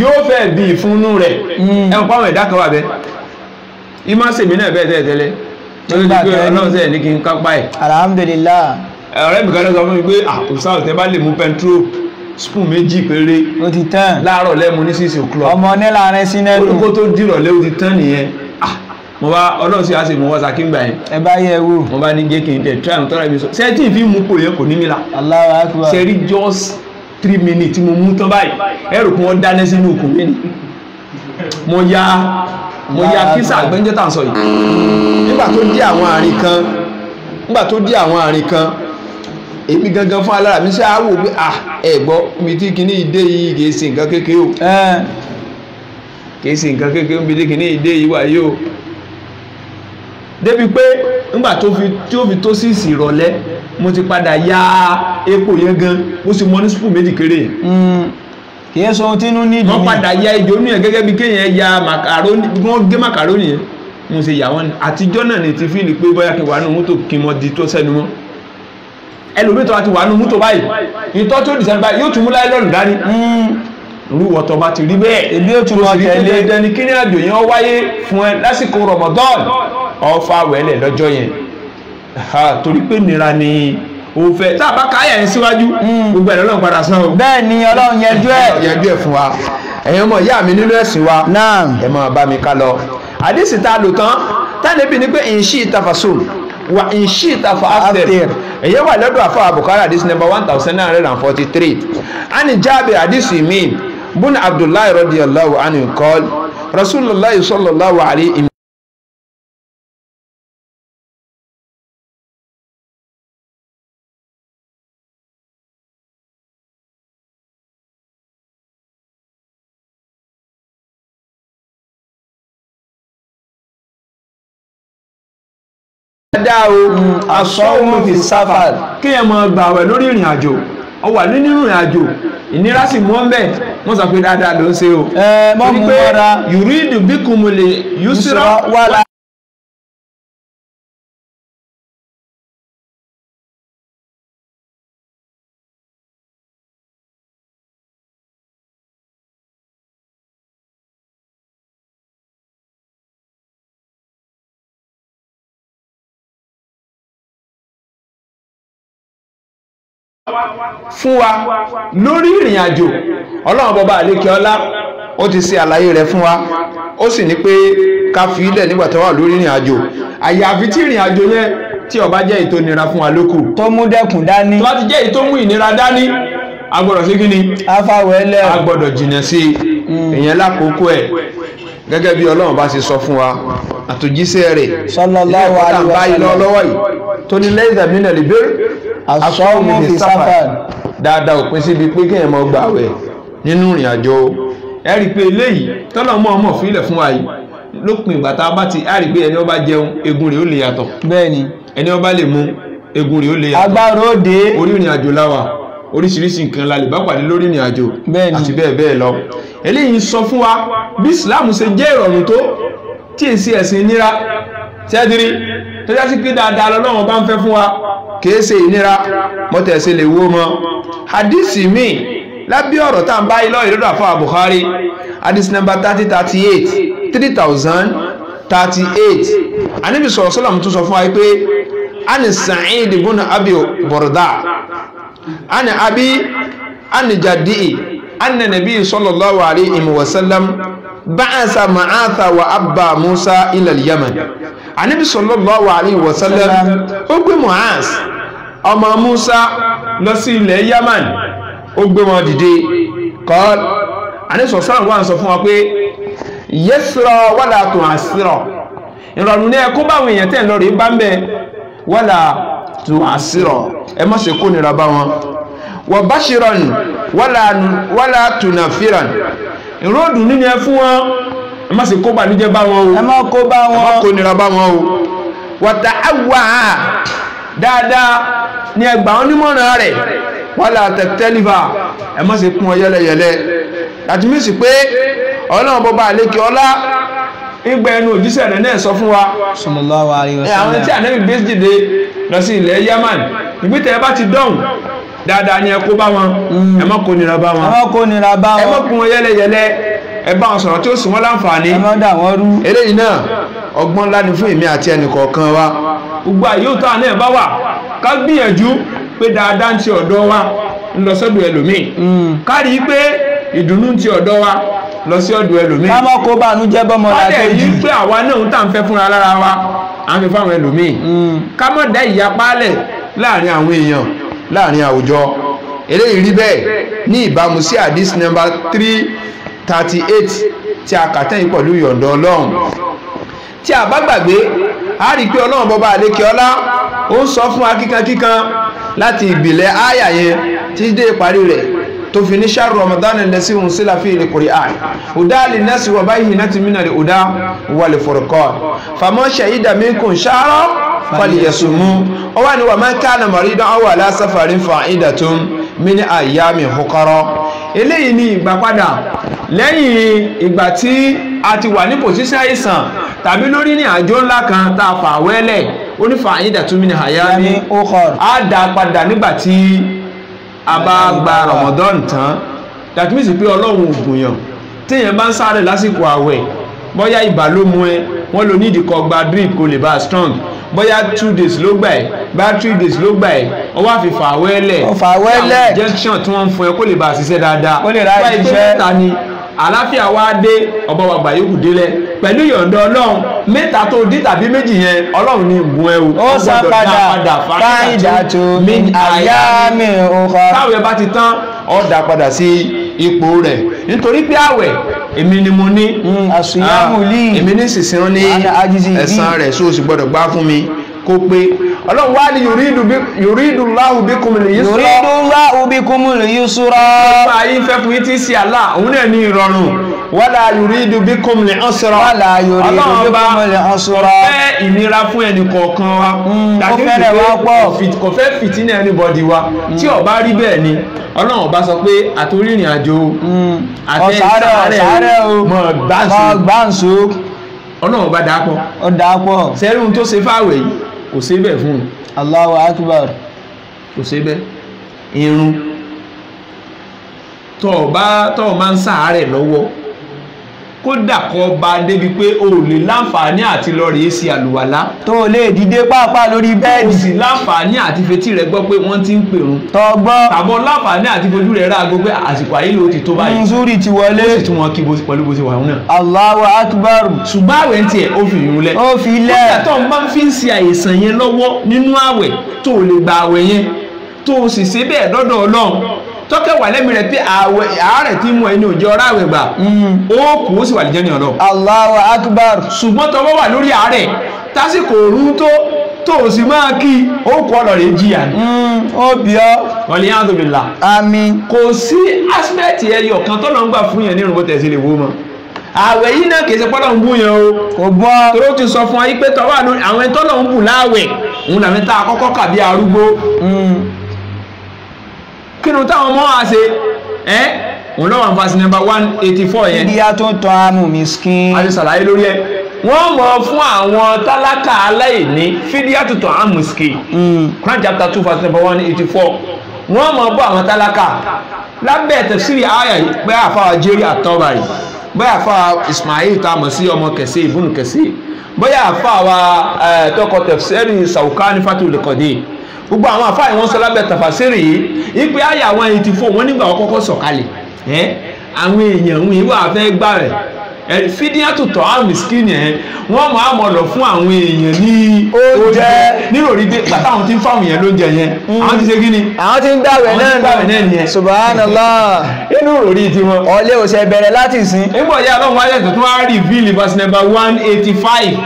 yóò fẹ́ bí ìfúnnú rẹ̀ hmm. ẹ̀wọ̀n pàwọn ẹ̀dá kan wà bẹ́ẹ̀ ìmọ̀ sèmi náà bẹ́ẹ̀ tẹ́lẹ̀ tẹ́lẹ̀ lórí ti pé ọlọ́run sẹ́yìn ní kí n kápá ẹ̀. alhamdulillah. ọ̀rẹ́ mi kan ló sọ fún mi pé àkùsà ah, òtẹ́ bá lè mú pẹntró spoon méjì péré. ó ti tán. láàárọ̀ lẹ́mu ní six o'clock. ọmọ ní láàrin sínẹ́tù. olùkó tó dìrọ̀lẹ́ ó ti tán nìyẹn mo bá ọlọ́run sì á sì wọ́n sakin gbà yẹn. ẹ bá yẹ wo. mo bá ní jẹ́ kí n tẹ̀ try and mi sọ ṣé fi mú kò yẹ kò ní mi la. Allahu akbar. ṣe rí just three minutes mo mú tán báyìí ẹrù kí wọ́n dáná sínú òkú mi ni mo ya mo ya kísà gbẹ́njẹ́ tà ń sọ yìí. nígbà tó dé àwọn àárín kan nígbà tó dé àwọn àárín kan èmi gangan fún alára mi ṣe àwò pé ah ẹ gbọ́ mi tí kinní ìdé yìí kì í ṣe nǹkan kékeré o kì í ṣe nǹkan kékeré mi tí kinní ìdé yìí wà o débi pé ńgbà tó fi tí ó fi tó sí ìsìrọ̀lẹ́ mo ti padà ya epo yẹn gan mo sì mọ ní sùpù méjì kéré. Hmm. kì í sọ ohun tí inú nídìí ni. wọ́n padà ya ejò nù yẹn gẹ́gẹ́ bí kéèyàn ya màkàrónì wọ́n gé màkàrónì yẹn mo sì yà wọ́n ni àtijọ́ náà ni ti fíìlì pé bóyá kí wàá nù mọ́tò kí n mọ di tó sẹ́nu mọ́ ẹlòmítọ́ àti wàá nù mọ́tò báyìí ìtọ́ tó báyìí yóò tún mú láìlọ́ọ̀nù dání. Hmm rúwọ tó bá ti rí bẹ́ẹ̀ ebi ó ti mọ tẹ̀lé dẹni kí ní àjò yẹn wáyé fún ẹ lásìkò Ramadan ọfà wẹlẹ lọ́jọ́ yẹn torí pé nira ni o fẹ́ tá a bá káyà yẹn síwájú hmm. gbogbo ẹ lọ́lọ́run padà sàn o. bẹ́ẹ̀ ni Ọlọ́run yẹjú ẹ yẹjú ẹ fún wa ẹ̀yin ọmọ ìyá mi nínú ẹ̀sìn wa ẹ máa bá mi ká lọ àdìsí tá a lò tán táyà bí ni pé ìṣí ìtafàsùn wa inshita fa after èyí wà lọ́dọ̀ àfọwà Bukhari hadith number one thousand nine hundred and forty three àní Jabir hadith mi bun abdullahi radiyallahu anhu qala rasulullah sallallahu alayhi dá o asọ́wọ́n fi sáfà kí ẹ máa gbààwẹ̀ lórí ìrìn àjò ọ wà nínú ìrìn àjò ìnira sì mọ́ bẹ́ẹ̀ wọ́n sọ pé dáadáa ló ń ṣe o. ẹ mọ́ mú mọ́ra. torí pé yùrí ìdùbí kùmùlè yusra wàlá. fún wa lórí ìrìn àjò ọlọ́run bọba àlékè ọlá ó ti ṣe àlàyé rẹ̀ fún wa ó sì ní pé ká fi ilẹ̀ nígbà tó wà lórí ìrìn àjò àyàfi tí ìrìn àjò yẹn tí ó jẹ́ èyí tó nira fún wa lókù. tó mú dẹ́kun dání. tó bá ti jẹ́ èyí tó mú ìnira dání a gbọ́dọ̀ sí kíni. afáwẹ́lẹ̀. a gbọ́dọ̀ jìnnà sí i mm. ìyẹn lákòókò ẹ̀ gẹ́gẹ́ bí ọlọ́run bá ṣe sọ fún wa àtòjíṣẹ́ rẹ̀ sallallahu alaihi wa sallam tó ní lẹ́yìn tàbí nílẹ̀ lè asọ́mu fi sáfàd dáadáa ò pín síbi pé kéèyàn máa gbà wẹ̀ nínú ìrìn àjò ẹ rí i pé eléyìí tọ́lọ̀ mọ́ ọmọ fílẹ̀ fún wa yìí lópin ìgbà tá a bá ti a rí i pé ẹni ọba jẹun egun rẹ̀ ó lè yàtọ̀ bẹ́ẹ̀ni ẹni ọba lè mu egun rẹ̀ ó lè yàtọ̀ agbára ó dé orí ìrìn àjò láwà oríṣiríṣi nǹkan la lè bá pàdé lórí ìrìn àjò àti bẹ́ẹ̀ bẹ́ẹ̀ lọ eléyìí ń sọ fún wa bí Islam ṣe jẹ́ ìrọ̀rùn tó tí èsì ẹ̀sìn nira tẹ́dírí tó yá sí pé dáadáa lọ́lọ́run bá ń fẹ́ fún wa kìí ṣe ìnira mọ́tẹ̀ẹ́sẹ̀ lè wó mọ́ hadisi mi lábẹ́ ọ̀rọ̀ tá à ń bá ilọ́ ìlú àfọ́ Bukhari hadisi number thirty thirty eight three thousand thirty eight anabi sọ̀rọ̀ sọ́làmù tún sọ fún wa pé ani Sa'id ibn Abi Burda ani abi ani jadi'i anna nabi sallallahu alayhi wa sallam ba'asa ma'atha wa abba musa ila al-yaman anabi sallallahu alayhi wa sallam ó gbé Mu'az ọmọ Musa lọ sí ilẹ̀ Yaman ó gbé wọn dìde kọ́ anabi sallallahu wà ń sọ fún wa pé yẹsirọ wàlà tó àsirọ ìrọ̀rùn ní ẹkún báwọn èèyàn tẹ̀ ń lọ rí bá ń bẹ wàlà tó àsirọ ẹ má ṣe kó nira bá wọn wa bashiran wala tunafiran ìròdùn nínú ẹ fún wọn ẹ má ṣe kó bànújẹ́ bá wọn o ẹ má kó bá wọn ẹ má kó nira bá wọn o wàtà àwà dáadáa ni ẹgbà wọn nímọ̀ràn rẹ̀ wàlà tẹ̀tẹ́lìfà ẹ má ṣe kún ọ yẹlẹyẹlẹ láti mí sì pé ọlọ́run bọba àlékè ọlá ìgbà ẹnu òjíṣẹ́ rẹ̀ náà sọ fún wa sallallahu alaihi wasallam àwọn tí ànábì gbé dìde lọ sí ilẹ̀ Yaman ìgbìtẹ̀ ẹ bá ti dọ̀hùn dáadáa ni ẹ kó bá wọn mm. ẹ má kó nira bá wọn ẹ má kó nira bá wọn ẹ má kún wọn yẹlẹyẹlẹ ẹ bá wọn sọ̀rọ̀ tí ó sùn wọ́n láǹfààní eléyìí náà ọgbọ́n ńlá ni fún èmi àti ẹnìkọ̀ọ̀kan wa gbogbo àyè òtọ́ àná ẹ̀ bá wà ká gbìyànjú pé dáadáa ń ti ọ̀dọ́ wa ń lọ sọ́dọ̀ ẹlòmíì hmm. ká rí i pé ìdùnnú ń ti ọ̀dọ́ wa lọ sí ọ̀dọ̀ ẹlòmíì. kámọ́ kó bá nu jẹ́ bọ́mọ la tó yìí. wọ́n lè yí pé àwa náà ń tà ń fẹ́ fúnra lára wa à ń fi fáwọn ẹlòmíì. Hmm. kámọ́ dá ìyapa lẹ̀ láàrin àwọn èèyàn láàrin àwùjọ eléyìí rí bẹ́ẹ̀ ní ìbámu sí three thirty eight tí a kà tẹ́yìn pẹ̀lú ìyọ̀ǹda ọlọ́run tí a bá gbàgbé a rí i pé ọlọ́run bọ́ba àlékè ọlá ó ń sọ fún akíkankíkan láti ìbìlẹ̀ àyà yẹn títí dé ìparí rẹ̀ tó fi ní ṣáàrù ramadan lẹ́sí òun sílá fi ilẹ̀ kùrì àì ọ̀dá lè nẹ́sì wà báyìí náà ti mí náà lè ọ̀dá wà lè fọ̀rọ̀kọ́ fàmọ́ ṣẹ̀yídà mi kò ń ṣáàrọ̀ fàlìyẹ̀sù mú ọ wà ní wà máa ká ànàmọ̀rí dán ọwọ́ aláṣàfàrí fa ìdàtún mí ní àyà mi hókọ́rọ́ eléyìí ni ìgbàpadà lẹ́yìn ìgbà tí a ti wà ní pòsíṣẹ́ àìsàn tàbí lórí ní àjò ńlá kan tá a fà wẹ́lẹ̀ ó ní fàáyí dàtúmí ní àyà ní á dá padà nígbà tí a bá gba Ramadan tán dàtúmí sì pé ọlọ́run ògùnyàn téèyàn bá ń sáré lásìkò àwẹ̀ bóyá ibà ló mú ẹ wọ́n lo nídìí kó gba drip kó lè bá strong bóyá two days ló gbà ẹ́ bá three days ló gbà ẹ́ ọ wá fi fà wẹ́lẹ̀ ọ fà wẹ́lẹ̀ injection tí wọ́n ń fún ẹ kó lè bá a ṣiṣẹ́ dáadáa kó lè ra iṣẹ́ ta ni àlàáfíà wa dé ọba wa gbà yòókù délẹ̀ pẹ̀lú ìyọ̀ǹda ọlọ́run mẹ́ta tó dín tàbí méjì yẹn ọlọ́run ní ìgún ẹ o ó sá padà fáyidà tó mi àyà mi ò kọ́ táwọn ẹ bá ti tán ọ̀ dá padà sí ipò rẹ̀ nítorí pé àwẹ̀ èmi ni mo ní mm, ah, èmi ní sísìn ní ẹ̀san rẹ̀ so o sì gbọ́dọ̀ gbá fún mi kó pé ọlọ́run wá ní yòrídù láhùn bí kùmùlù yìí sọ́rọ́ yòrídù láhùn bí kùmùlù yìí sọ́rọ́. ọgbà yìí fẹ́ fún yín tí ń ṣe àlá òun náà ní ìrọ̀rùn wala yuridu bikum li usra wala yuridu bikum li usra ọ̀fẹ́ ìnira fún ẹnì kọ̀ọ̀kan wa kọfẹ́rẹ̀ mm, wa pọ̀ kò fẹ́ fìtínà anybody wa mm. tí ó bá rí bẹ́ẹ̀ ni ọlọ́run ọba sọ pé àtúrìnrìn àjò àtẹ̀sárẹ̀ ọ̀sárẹ̀ o mọ̀ mm. gbáǹsó ọlọ́run ọba dàápọ̀ ó dàápọ̀ sẹ́rùn tó ṣe fáwẹ̀ yìí kò ṣe bẹ́ẹ̀ fún un Allahu akbar kò ṣe bẹ́ẹ̀ irun tọ́ bá tọ́ máa ń sàárẹ̀ lọ́wọ́ kódà kọ́ ba débi pé o ò lè láǹfààní àti lọ rèé sí àlùwàlá. tó o lè dìde pàápàá lórí bẹ́ẹ̀dì. o sì láǹfààní àti fetí rẹ gbọ́ pé wọ́n ti ń pèrun. tọ́ gbọ́. tàbọ̀ láǹfààní àti fojú rẹ̀ rà gbọ́ pé àsìkò àyè ló ti tó báyìí. nzúrì ti wọlé. ó sì tún wọn kí pẹ̀lú bó ti wà náà. Allahu akbar. ṣùgbọ́n àwẹ̀ ń tiẹ̀ ó fi ìrun lẹ̀. ó fi lẹ̀. kódà tó ń bá fi ń tọ́kẹ́ wà lẹ́mìí rẹ̀ pé ààwẹ̀ àárẹ̀ tí mú ẹni òjò ọ̀rá àwẹ̀ gbà mm. ó kù ó sì wà lìjẹ́ ní ọ̀nà. Allahu akbar. ṣùgbọ́n tọwọ́ wà lórí àárẹ̀ tásìkò òru tó tó o sì máa kí o kọ́ ọ̀rọ̀ rẹ̀ jìyà. Mm, ó bí ọ. wọ́n yá tóbi la. àmín. kò sí aspect ẹyọ kan tọ́nà ń gbà fún yẹn ní ìrùbọ̀ tẹ̀sí lè wó mọ́ àwẹ̀ yìí náà kì í ṣe pọ́nà ń bù yẹn o. kò bọ́. toró ti sọ fún wa yí pé tọ́wọ́ àwọn ẹni tọ́nà ń bù láàwẹ̀ òun làwọn tá a kọ́kọ́ arúgbó. Mm kínú táwọn ọmọ wa ṣe ẹ́ òun lọ́wọ́ àwọn fásitì nọ́mbà one eighty four yẹn. ìdí àtúntò àmú mi skin. a ti ṣàlàyé lórí ẹ wọ́n mọ̀ fún àwọn tálákà aláìní fídíà tuntun àmú skin. Hmm. Quran chapter two verse number one eighty four wọ́n mọ̀ bọ́ àwọn tálákà lábẹ́ tẹ̀síìrì àyà pé àfáà jerry àtọ́ba yìí bóyá àfáà Ismail tá a mọ̀ sí ọmọ kẹsí ìbùnú kẹsí bóyá àfáà wa tọkọ tẹ̀síìrì sàwùkánì fatu lẹ́kọ̀dé gbogbo àwọn àfáà ìwọ̀n sọ lábẹ́ tàfàṣírì yìí ipe àyà wọn n'igba four wọn nígbà wọn kọ́kọ́ sọ̀kalẹ̀ ẹ́ àwọn èèyàn ń wíwá fẹ́ gbà rẹ̀ ẹ̀ tọ́ àmì wọ́n mọ̀ lọ fún àwọn èèyàn ní oúnjẹ níròrí dé bàtà àwọn tí ń fáwọn lóúnjẹ yẹn hmm. àwọn ti ṣe kí ni. àwọn ti ń dàwẹ̀ náà ní dàwẹ̀ òsè bẹ̀rẹ̀ láti sìn. nígbà yà lọ́wọ́ one eighty five.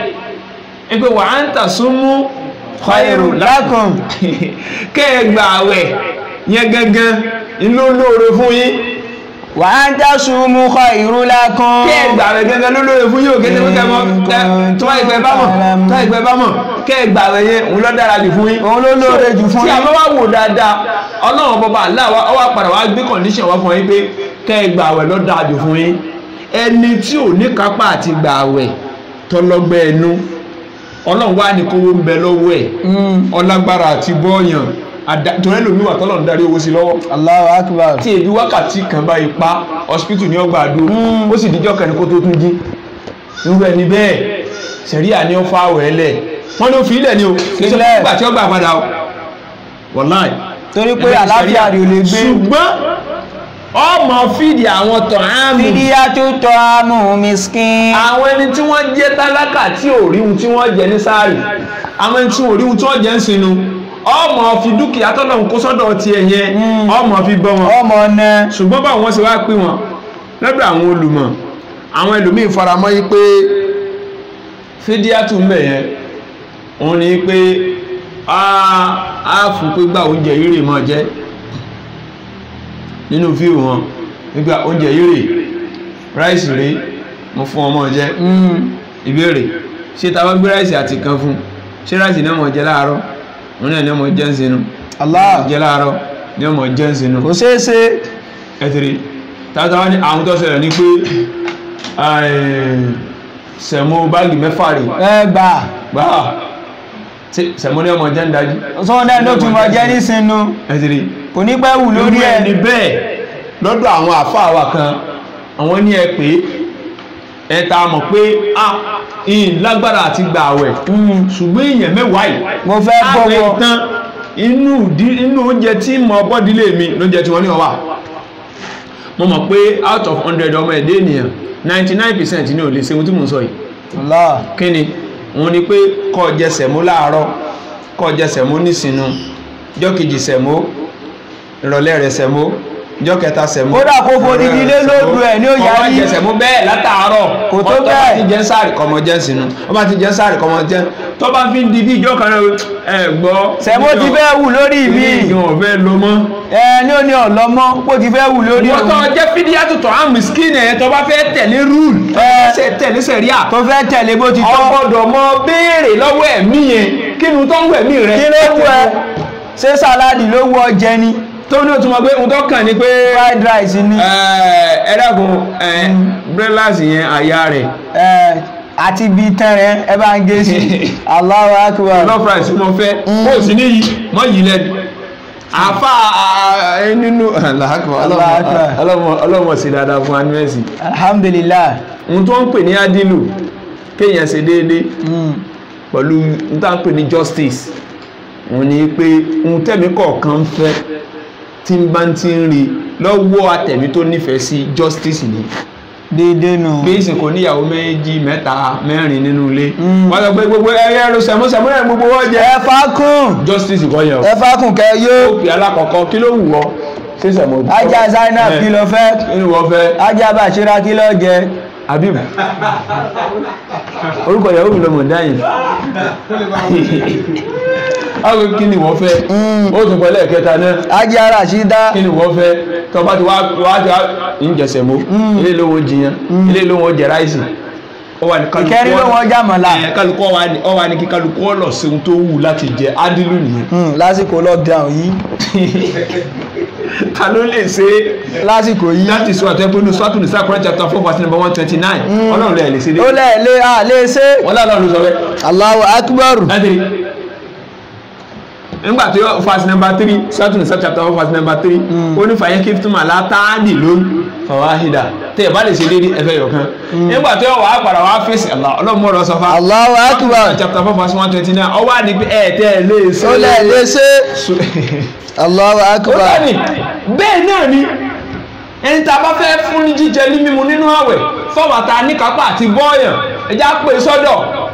khairu lakum kẹ́ẹ̀gbà àwẹ̀ yẹn gangan inú lóore fún yín wà á dásùmù khairu lakum kẹ́ẹ̀gbà àwẹ̀ gangan ló lóore fún yín ò mo. fúnkẹ́ mọ́ tó ìpẹ́ bá mọ̀ tó ìpẹ́ bá mọ̀ kẹ́ẹ̀gbà àwẹ̀ yẹn òun ló dára jù fún yín òun ló lóore jù fún yín tí a bá wà wò dáadáa ọlọ́run bọba aláwa ọwọ́ padà wá gbé condition wá fún pe. pé kẹ́ẹ̀gbà àwẹ̀ ló dára jù fún yín ẹni tí ò ní kápá àti gbà àwẹ̀ tọlọgbẹ́ ẹnu ọlọ́run wá ní kówó ń bẹ lọ́wọ́ ẹ̀ hmm. ọlágbára àti bọ́ọ̀yàn torí lómi tọ́lọ̀ ń darí owó sí lọ́wọ́. Allahu akbar. tí ebi wákàtí kan bá ipa hospital ní ọgbà àdó hmm. ó sì díjọ́ kan kó tó tún jí irú ẹni bẹ́ẹ̀ sẹ̀ríà ni ó fa wẹ̀ẹ́lẹ̀ wọ́n ló fi ilẹ̀ ni o kí sọ fún ìgbà tí ó padà o wọ̀láì. torí pé àlàáfíà rẹ̀ lè gbé. ṣùgbọ́n ọmọ fìdí àwọn tọ̀ ámù. fìdí àtúntọ̀ ámù miskin. àwọn ẹni tí wọ́n jẹ́ tálákà tí ò rí ohun tí wọ́n jẹ ní sáàrì àwọn ẹni tí ò rí ohun tí wọ́n jẹ ń sinú ọmọ fi dúkìá tọ́lọ̀ ń kó sọ́dọ̀ ti ẹ̀yẹ hmm. ọmọ fi bọ́ wọn. ọmọ nẹ. ṣùgbọ́n báwọn wọ́n ṣe wá pín wọn lọ́dọ̀ àwọn olùmọ̀ àwọn ẹlòmíín faramọ́ yí pé fídíàtù mbẹ̀ yẹn òun ni pé a fún pé gbà oúnjẹ yìí rè mọ́ jẹ́ nínú fíìmù wọn nígbà oúnjẹ yìí rè ráìsì rè mo fún ọmọ jẹ mm-hmm. ìbéèrè ṣé ta bá gbé ráìsì àti kan fún ṣé ráìsì náà mọ̀ jẹ láàárọ̀ òun náà ni ọmọ jẹ́ ń sinú jẹ láàárọ̀ ni ọmọ jẹ́ ń sinú. kò ṣeé ṣe. ẹ tèrè tàbí wá ní àwọn tó ṣẹlẹ̀ ní pé sẹ̀mó báàgì mẹ́fà rè. ẹ gbà. gbà sẹ̀mó ni ọmọ jẹ́ ń dájú. sọ́wọ́n náà ló tún mọ jẹ́ ní sinú. ẹ tèrè kò ní pẹ́ wù lórí ẹ̀. irú ẹni bẹ́ẹ̀ lọ́dọ̀ àwọn àfáà wa kan àwọn ní ẹ pé ẹ ta mọ̀ pé a ìyìn lágbára àti gbà àwẹ̀ hmm. ṣùgbọ́n èèyàn mẹ́wàá yìí mo fẹ́ bọ́wọ́ àwẹ̀ tán inú oúnjẹ tí mo bọ́dílé mi lóúnjẹ tí wọ́n ní wọn wà mo mọ̀ pé out of hundred ọmọ ẹ̀dẹ́ ènìyàn ninety nine percent ní ò lè ṣe ohun tí mò ń sọ yìí kí ni òun ni pé kọ́ jẹ sẹ̀mó láàárọ̀ kọ́ jẹ sẹ̀mó nísìnyí jọ́kejì sẹ̀mó ìrọ̀lẹ́ rẹ̀ sẹ̀mó ìjọ́ kẹta sẹ̀mó. kódà kó fodi ní ilé lóòdù ẹ̀ ní òyà yìí. ọmọ jẹ sẹ̀mó bẹ́ẹ̀ látàárọ̀. kò tó bẹ́ẹ̀ ọba ti jẹ́ sáàrì kọmọ jẹ́ sínú ọba ti jẹ́ sáàrì kọmọ jẹ́ tó bá fi ń di bí ìjọ kan náà ẹ gbọ́. sẹ̀mó ti fẹ́ wù lórí mi. ìyàn ọ̀fẹ́ lọ mọ́. ẹ ní òní ọ̀lọ́mọ kó ti fẹ́ wù lórí mi. wọ́n tọ́ jẹ́ fídíà tuntun àwọn mìsíkìnì ẹ̀ tó bá fẹ́ tẹ̀lé rúùlù. ẹ tẹ̀lé sẹ̀ríà. tó fẹ́ tẹ̀lé bó ti tọ́. ọgbọ́dọ̀ mọ béèrè lọ́wọ́ ẹ̀mí yẹn kí ni tó ń wẹ̀mí rẹ. kí ló wù ẹ ṣé sàládì ló wù ọ jẹ ni tó ní òtún mọ̀ pé ohun tó kàn ní pé fried rice ni ẹ mm. brelas yẹn àyà rẹ̀ àti ibi tán ẹ bá ń gé sí Allahu Akbar love rice mo fẹ́ kó o sì ní yìí mọ́ yìí lẹ́nu àfa nínú ọlọ́mọ sí dáadáa fún anúẹ̀sì. alhamdulillah. ohun tó ń pè ní adilu kéèyàn ṣe déédéé mm. pẹ̀lú ohun tó ń pè ní justice òun ni pé ohun tẹ̀mí kọ̀ọ̀kan fẹ́ tí ń bá ti ń rí lọ́wọ́ àtẹ̀mí tó nífẹ̀ẹ́ sí justice ni déédéé nù. bí ìsìnkú níyàwó méjì mẹ́ta mẹ́rin nínú ilé. Mm. wọ́n sọ pé gbogbo ẹyẹ ló sẹ̀mú sẹ̀mú rẹ̀ gbogbo wọ́n jẹ. ẹ fákùn. justice kọ́ yẹn o. ẹ fákùn kẹ yóò. ó pè alákọ̀ọ́kọ́ kí ló wù ọ́ ṣé sẹ̀mú. ajá zainab eh. kí ló fẹ́. kí ló fẹ́. ajá bàṣírà kí ló jẹ. abim orúkọ ìyàwó mi lọmọ dáyìn. àwọn kí ni wọ́n fẹ́ hmm. ó tún pẹ̀lẹ́ kẹta náà. ajé ara sí dá. kí ni wọ́n fẹ́ tọ́ba ti wá wá ti wá ń jẹsẹ̀ mọ́ hmm. ilé lówó jiyàn hmm. ilé lówó jẹ ráìsì ìkẹrí ló wọn jàmọ̀lá eh, kálukú ọwà ní kí kálukú ọlọ ṣeun tó wù láti jẹ ádìlú nìyẹn. lásìkò lockdown yìí. ta ló lè ṣe. lásìkò yìí. láti sọ àtẹ́gbónú sọ́tún ní sàkúrẹ́ chapter four verse number one twenty nine ọlọ́run lè lè ṣe. ó lè lè a lè ṣe. wọ́n lálọ́ ló sọ bẹ́ẹ̀. Allahu akbar. ẹ tẹ̀lé nígbà tí verse number three sọ́tún ní chapter one verse number three hmm. ó ní fàyẹ́ kíftùmá látàdì lórí fàwa hídà tẹ ẹ bá lè ṣe déédéé ẹfẹ yọkan hmm. nígbà tí wọ́n wà á padà wà á fèsì Allah ọlọ́mọ rẹ sọfà Allahu akbar chapter four verse one twenty nine ọwọ́ àdìgbé ẹ̀ tẹ́ ẹ lé ṣe ó lẹ̀ lé ṣe Allahu akbar ó sani bẹ́ẹ̀ náà ni ẹni tá a bá fẹ́ fún ní jíjẹ ní mímu nínú àwẹ̀ fọwọ́ ta níkápá àti bọ́ọ̀yàn ẹja pè sọ́dọ̀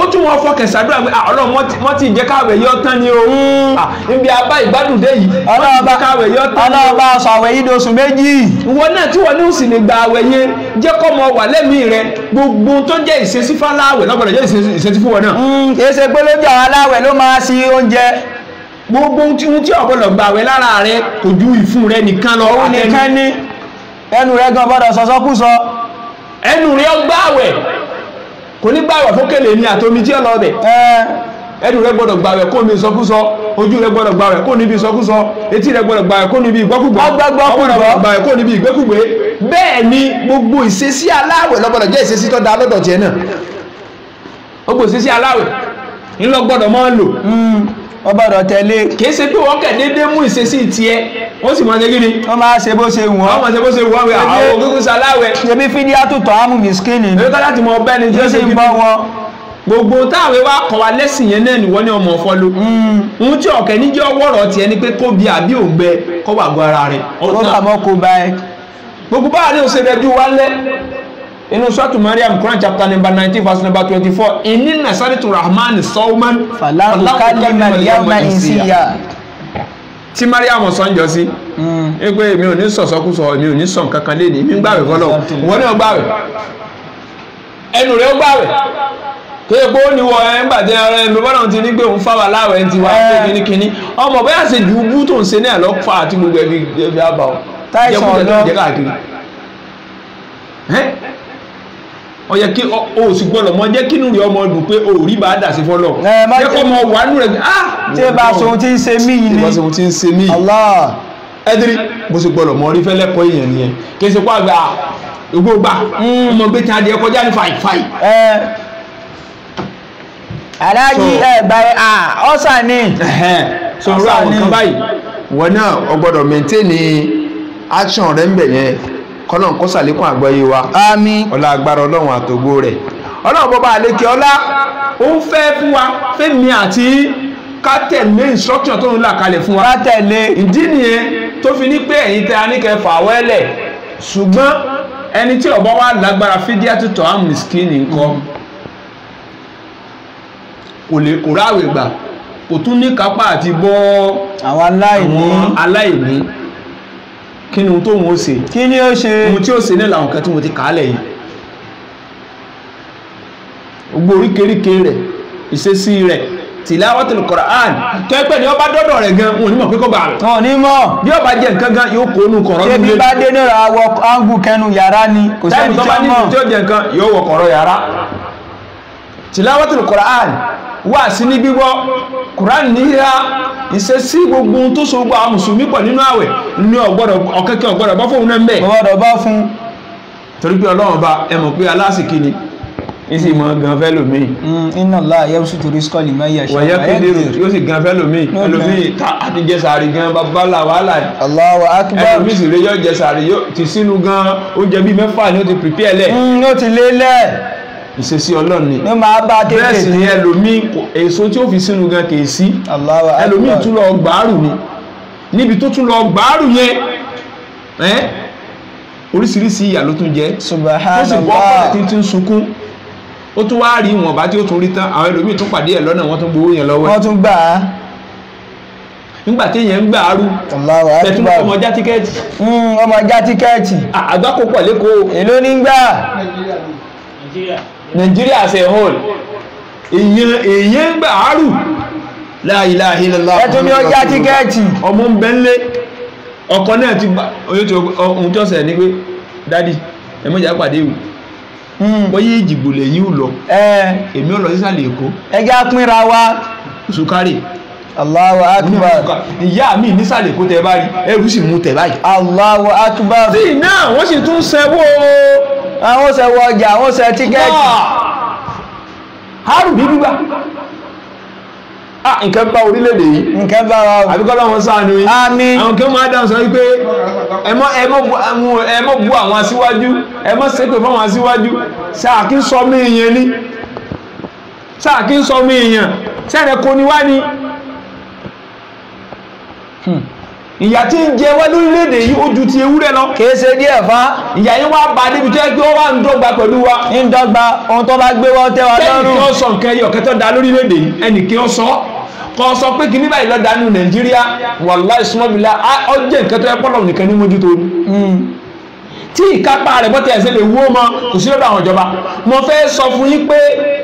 kó tún wọn fọkàn ṣàdúrà pé ah, ọlọ́run wọ́n ti jẹ́ káwé yọ tán ni o hmm. ah, níbi abá ìgbádùndé yìí wọ́n ti káwé yọ tán ni o. ọlọ́ọ̀bá sọ àwẹ̀ yìí dosùn méjì. ìwọ náà tí wọn ní òsì lè gba àwẹ̀ yẹn jẹ́ kọ́ mọ wà lẹ́mìí rẹ gbogbo tó jẹ́ ìṣesí fáláwẹ̀ lọ́gbọ̀dọ̀ jẹ́ ìṣesí fún wọn náà. Hmm, kì í ṣe pé lójú àwọn aláwẹ̀ ló máa ṣe oúnjẹ gbogbo ohun tí ohun tí ọ̀gbọ́dọ̀ gbà wẹ̀ lára rẹ kò ju ìfun rẹ nìkan ẹnu rẹ gbàwẹ̀ kò ní gbàwẹ̀ fókèlè ní àtomi tí ó lọ bẹ̀ ẹnu rẹ gbọ́dọ̀ gbàwẹ̀ kó ní ìsọkúsọ ojú rẹ gbọ́dọ̀ gbàwẹ̀ kó níbi ìsọkúsọ etí rẹ gbọ́dọ̀ gbàwẹ̀ kó níbi ìgbọ́kùgbọ́ ọgbọ́gbọ́ gbàwẹ̀ kó níbi ìgbẹ́kùgbé bẹ́ẹ̀ ni gbogbo ìṣesí aláwẹ̀ lọ́gbọ́dọ̀ jẹ́ ìṣesí tó da lọ́dọ̀ tiẹ̀ náà gbogbo ìṣesí aláwẹ̀ ńlọgbọ́dọ̀ máa ń lò mm ó gbọ́dọ̀ tẹ̀lé. kìí ṣe pé wọ́n kẹ̀ déédéé mú ìṣesí tiẹ̀ wọ́n sì mọ̀ ṣe kíni. wọ́n máa ṣe bó ṣe wọ́n. wọ́n máa ṣe bó ṣe wọ́n wẹ̀ àwọn òkúkú saláwẹ̀. ṣebí fídíò àtúntò àmú mìskínì. èyí kọ́lá ti mọ ọbẹ̀ ni tí ó ṣe wọn. gbogbo táwọn ewa kọ wa lẹ́sìn yẹn náà nìwọ ni ọmọ fọlọ. ń hmm. tí ọ̀kẹ́ níjẹ́ ọwọ́rọ̀ tiẹ̀ ni pé kóbi àbí òǹgbẹ kọ́ wà gbọ́ ara rẹ̀. ó gbogbo ni òṣèré bí inú sọ́tù mariam quran chapter number nineteen verse number twenty-four inni nasaritu rahman sawman falahu kalima yawma insiya tí mariam sọ́njọ́ sí hmm. pé èmi ò ní sọ̀sọ́kùsọ èmi ò ní sọ̀ kankan lé ní mi gbàwé fọlọ́ wọn náà gbàwé ẹnu rẹ̀ ó gbàwé pé bó ni wọ ẹ ń gbàdé ara ẹ ló bọ́dọ̀ ti ní pé òun fáwọn aláwọ̀ ẹ ti wá pé eh. kínníkínní ọmọ bẹ́ẹ̀ ṣe ju bú tó ń se ní àlọ́fà àti gbogbo ẹbí ẹbí àbá ọ jẹ́kújẹ́ tó ń jẹ́ káàkiri ó yẹ kí o sì gbọ́dọ̀ mọ jẹ́ kínú rẹ̀ ọmọ dùn pé o rí bá a dà sí fọlọ́ jẹ́ kó mọ wàánú rẹ̀ ah. tí ẹ bá aṣọ ohun tí ń ṣe mí yìí ni tí ẹ bá aṣọ ohun tí ń ṣe mí yìí ẹdiri bó ṣe gbọ́dọ̀ mọ orí fẹlẹ pọ èèyàn nìyẹn kì í ṣe pọ àgbà ògbó gbà mọ mm. gbé tí adìẹ kọjá ní fàì fàì. aláàjì ẹ báyìí ọ̀sà ni. sọ̀rọ̀ àwọn kan báyìí wọn náà o gbọ́dọ̀ maintain action rẹ̀ ń bẹ̀ yẹn kọ́lọ́n kó sàlékún àgbọ́yé wa àmín ọlá agbára ọlọ́run àtògbó rẹ̀ ọlọ́run bọ́ba àlékè ọlá ó ń fẹ́ fún wa fẹ́mi àti ká tẹ̀lé instruction tó ń là kalẹ̀ fún wa ká tẹ̀lé ìdí nìyẹn tó fi ní pé ẹ̀yin tẹ́ aníkẹ́ fà wẹ́lẹ̀ ṣùgbọ́n ẹni tí ọba wa lágbára fídíà tó tọ́ àmì skin nǹkan kò lè kó ráwèé gbà kò tún ní kápá àti bọ́ àwọn aláìní kí ni ohun tóun ó ṣe. kí ni ó ṣe. ohun tí ó ṣe náà làwọn kan tí mo ti kà á lẹ̀ yìí. gbogbo oríkèéríkèé rẹ̀ ìṣesí rẹ̀ tìláwọ́tìlù kọ̀rán tó ẹgbẹ́ ni ó bá dọ́dọ̀ rẹ̀ gan òun nímọ̀ pé kó bá rẹ̀. ọ̀ ní mọ̀. bí ó bá jẹ nǹkan gan yóò kó nu kọ̀rọ̀ nílé. ṣébi bá dé náà awọ áńgù kẹnu yàrá ni kò sẹ́ni tí ó mọ̀. táyì tó bá ní ìdí tí ó jẹ nǹkan yóò wọ kọ̀rọ̀ yàrá. tìláwọ́tìlù kọ̀rán wáàsí ní gbígbọ́ Quran ní híhá ìṣesí gbogbo tó so gbogbo àwọn mùsùlùmí pọ̀ nínú àwẹ̀ ní ọ̀gbọ́dọ̀ ọ̀kẹ́kẹ́ ọ̀gbọ́dọ̀ bá fóun náà ń bẹ̀. ọ̀gbọ́dọ̀ bá fún. torí pé ọlọ́run ọba ẹ mọ̀ pé alásìkí ni isi mọ gan fẹ lomi. iná ọlá yẹn sùn torí skọlì máa yẹ ṣe wáyé kìdìrì yóò sì gan fẹ lomi ẹlòmí ta àti jẹsàárì gan babalá wàhálà yìí. Allahu akbar ẹlòmí sì rẹ yóò jẹsàárì yóò ti sínú gan oúnjẹ bíi mẹ́fà ni ó ti pìpì ẹ lẹ. yóò ti lé lẹ ìṣesí ọlọ́run ni ní máa bá kékeré bẹ́ẹ̀ sì ni ẹlòmíì èso tí ó fi sínú gan kì í sí ẹlòmíì tún lọ gbàárù ni níbi tó tún lọ gbàárù yẹn oríṣiríṣi ìyà ló tún jẹ ó sì bọ́ ọkọ̀ tí tí ń sunkún ó tún wáá rí ìwọ̀nba tí ó tún rí tán àwọn ẹlòmíì tún pàdé ẹ̀ lọ́nà wọ́n tún gbowó yẹn lọ́wọ́ ẹ̀ wọ́n tún gbà á nígbà tí èèyàn ń gbà á rú tẹ̀tún ọmọ já tíkẹ́ẹ̀tì. Hmm, ọmọ já tíkẹ́ẹ̀tì. àgbákò pọ̀ lẹ́kọ̀ọ́. èló ní gbà. nàìjíríà. Nigeria as a whole èèyàn èèyàn ń gbà áàrù la ilaha illallah ọjọ́ ni ọjà ọmọ ń bẹ́ńlé ọkọ náà ti gba oyún tí ohun tí ọ̀sẹ̀ ni pé dádì pàdé ìwù hmm. ìjìgbò lẹ́yìn ò lọ èmi ò lọ sísàlẹ̀ èkó apínra wa sukari ìyá mi nísàlẹ̀ èkó tẹ ẹrú sì mú tẹ báyìí sí náà wọ́n sì tún sẹ́wọ́ àwọn ṣe wọ ọjà àwọn ṣe tíkẹ́ẹ̀tì àrùn bí gbígbà ah, nǹkan bá orílẹ̀-èdè yìí nǹkan bá wa àbí kọ́ yìí àmín àwọn kí wọ́n máa dáhùn sọ wípé ẹ mọ́ àwọn aṣíwájú ẹ mọ́ ṣépè fáwọn sọ mí sọ mí sẹ́rẹ̀ kò ní wá ni. Hmm. ìyà tí ń jẹ wá lórílẹ̀‐èdè yìí ó ju ti ewúrẹ́ lọ. kìí ṣe díẹ̀ fa. ìyà yín wá bá débi jẹ́ ó wà ń dọ́gba pẹ̀lú wa. ń dọ́gba ohun tó bá gbé wọ́n tẹ́ wa lọ́rùn. ẹnì kí ó sọ nǹkan ẹyọ kẹtọ́ da lórílẹ̀‐èdè yìí ẹnì kí ó sọ kọ sọ pé kí ní báyìí lọ dánú nàìjíríà wàláì sọmọbìlà ó jẹ́ nǹkan tó yẹ pọ́lọ̀ nìkan ní mójútó ni hmm. tí ìkápá rẹ̀ bọ́tẹ̀ ẹ̀sẹ̀ lè wó mọ kò sí lọ́dọ̀ àwọn ìjọba mo fẹ́ sọ fún yín pé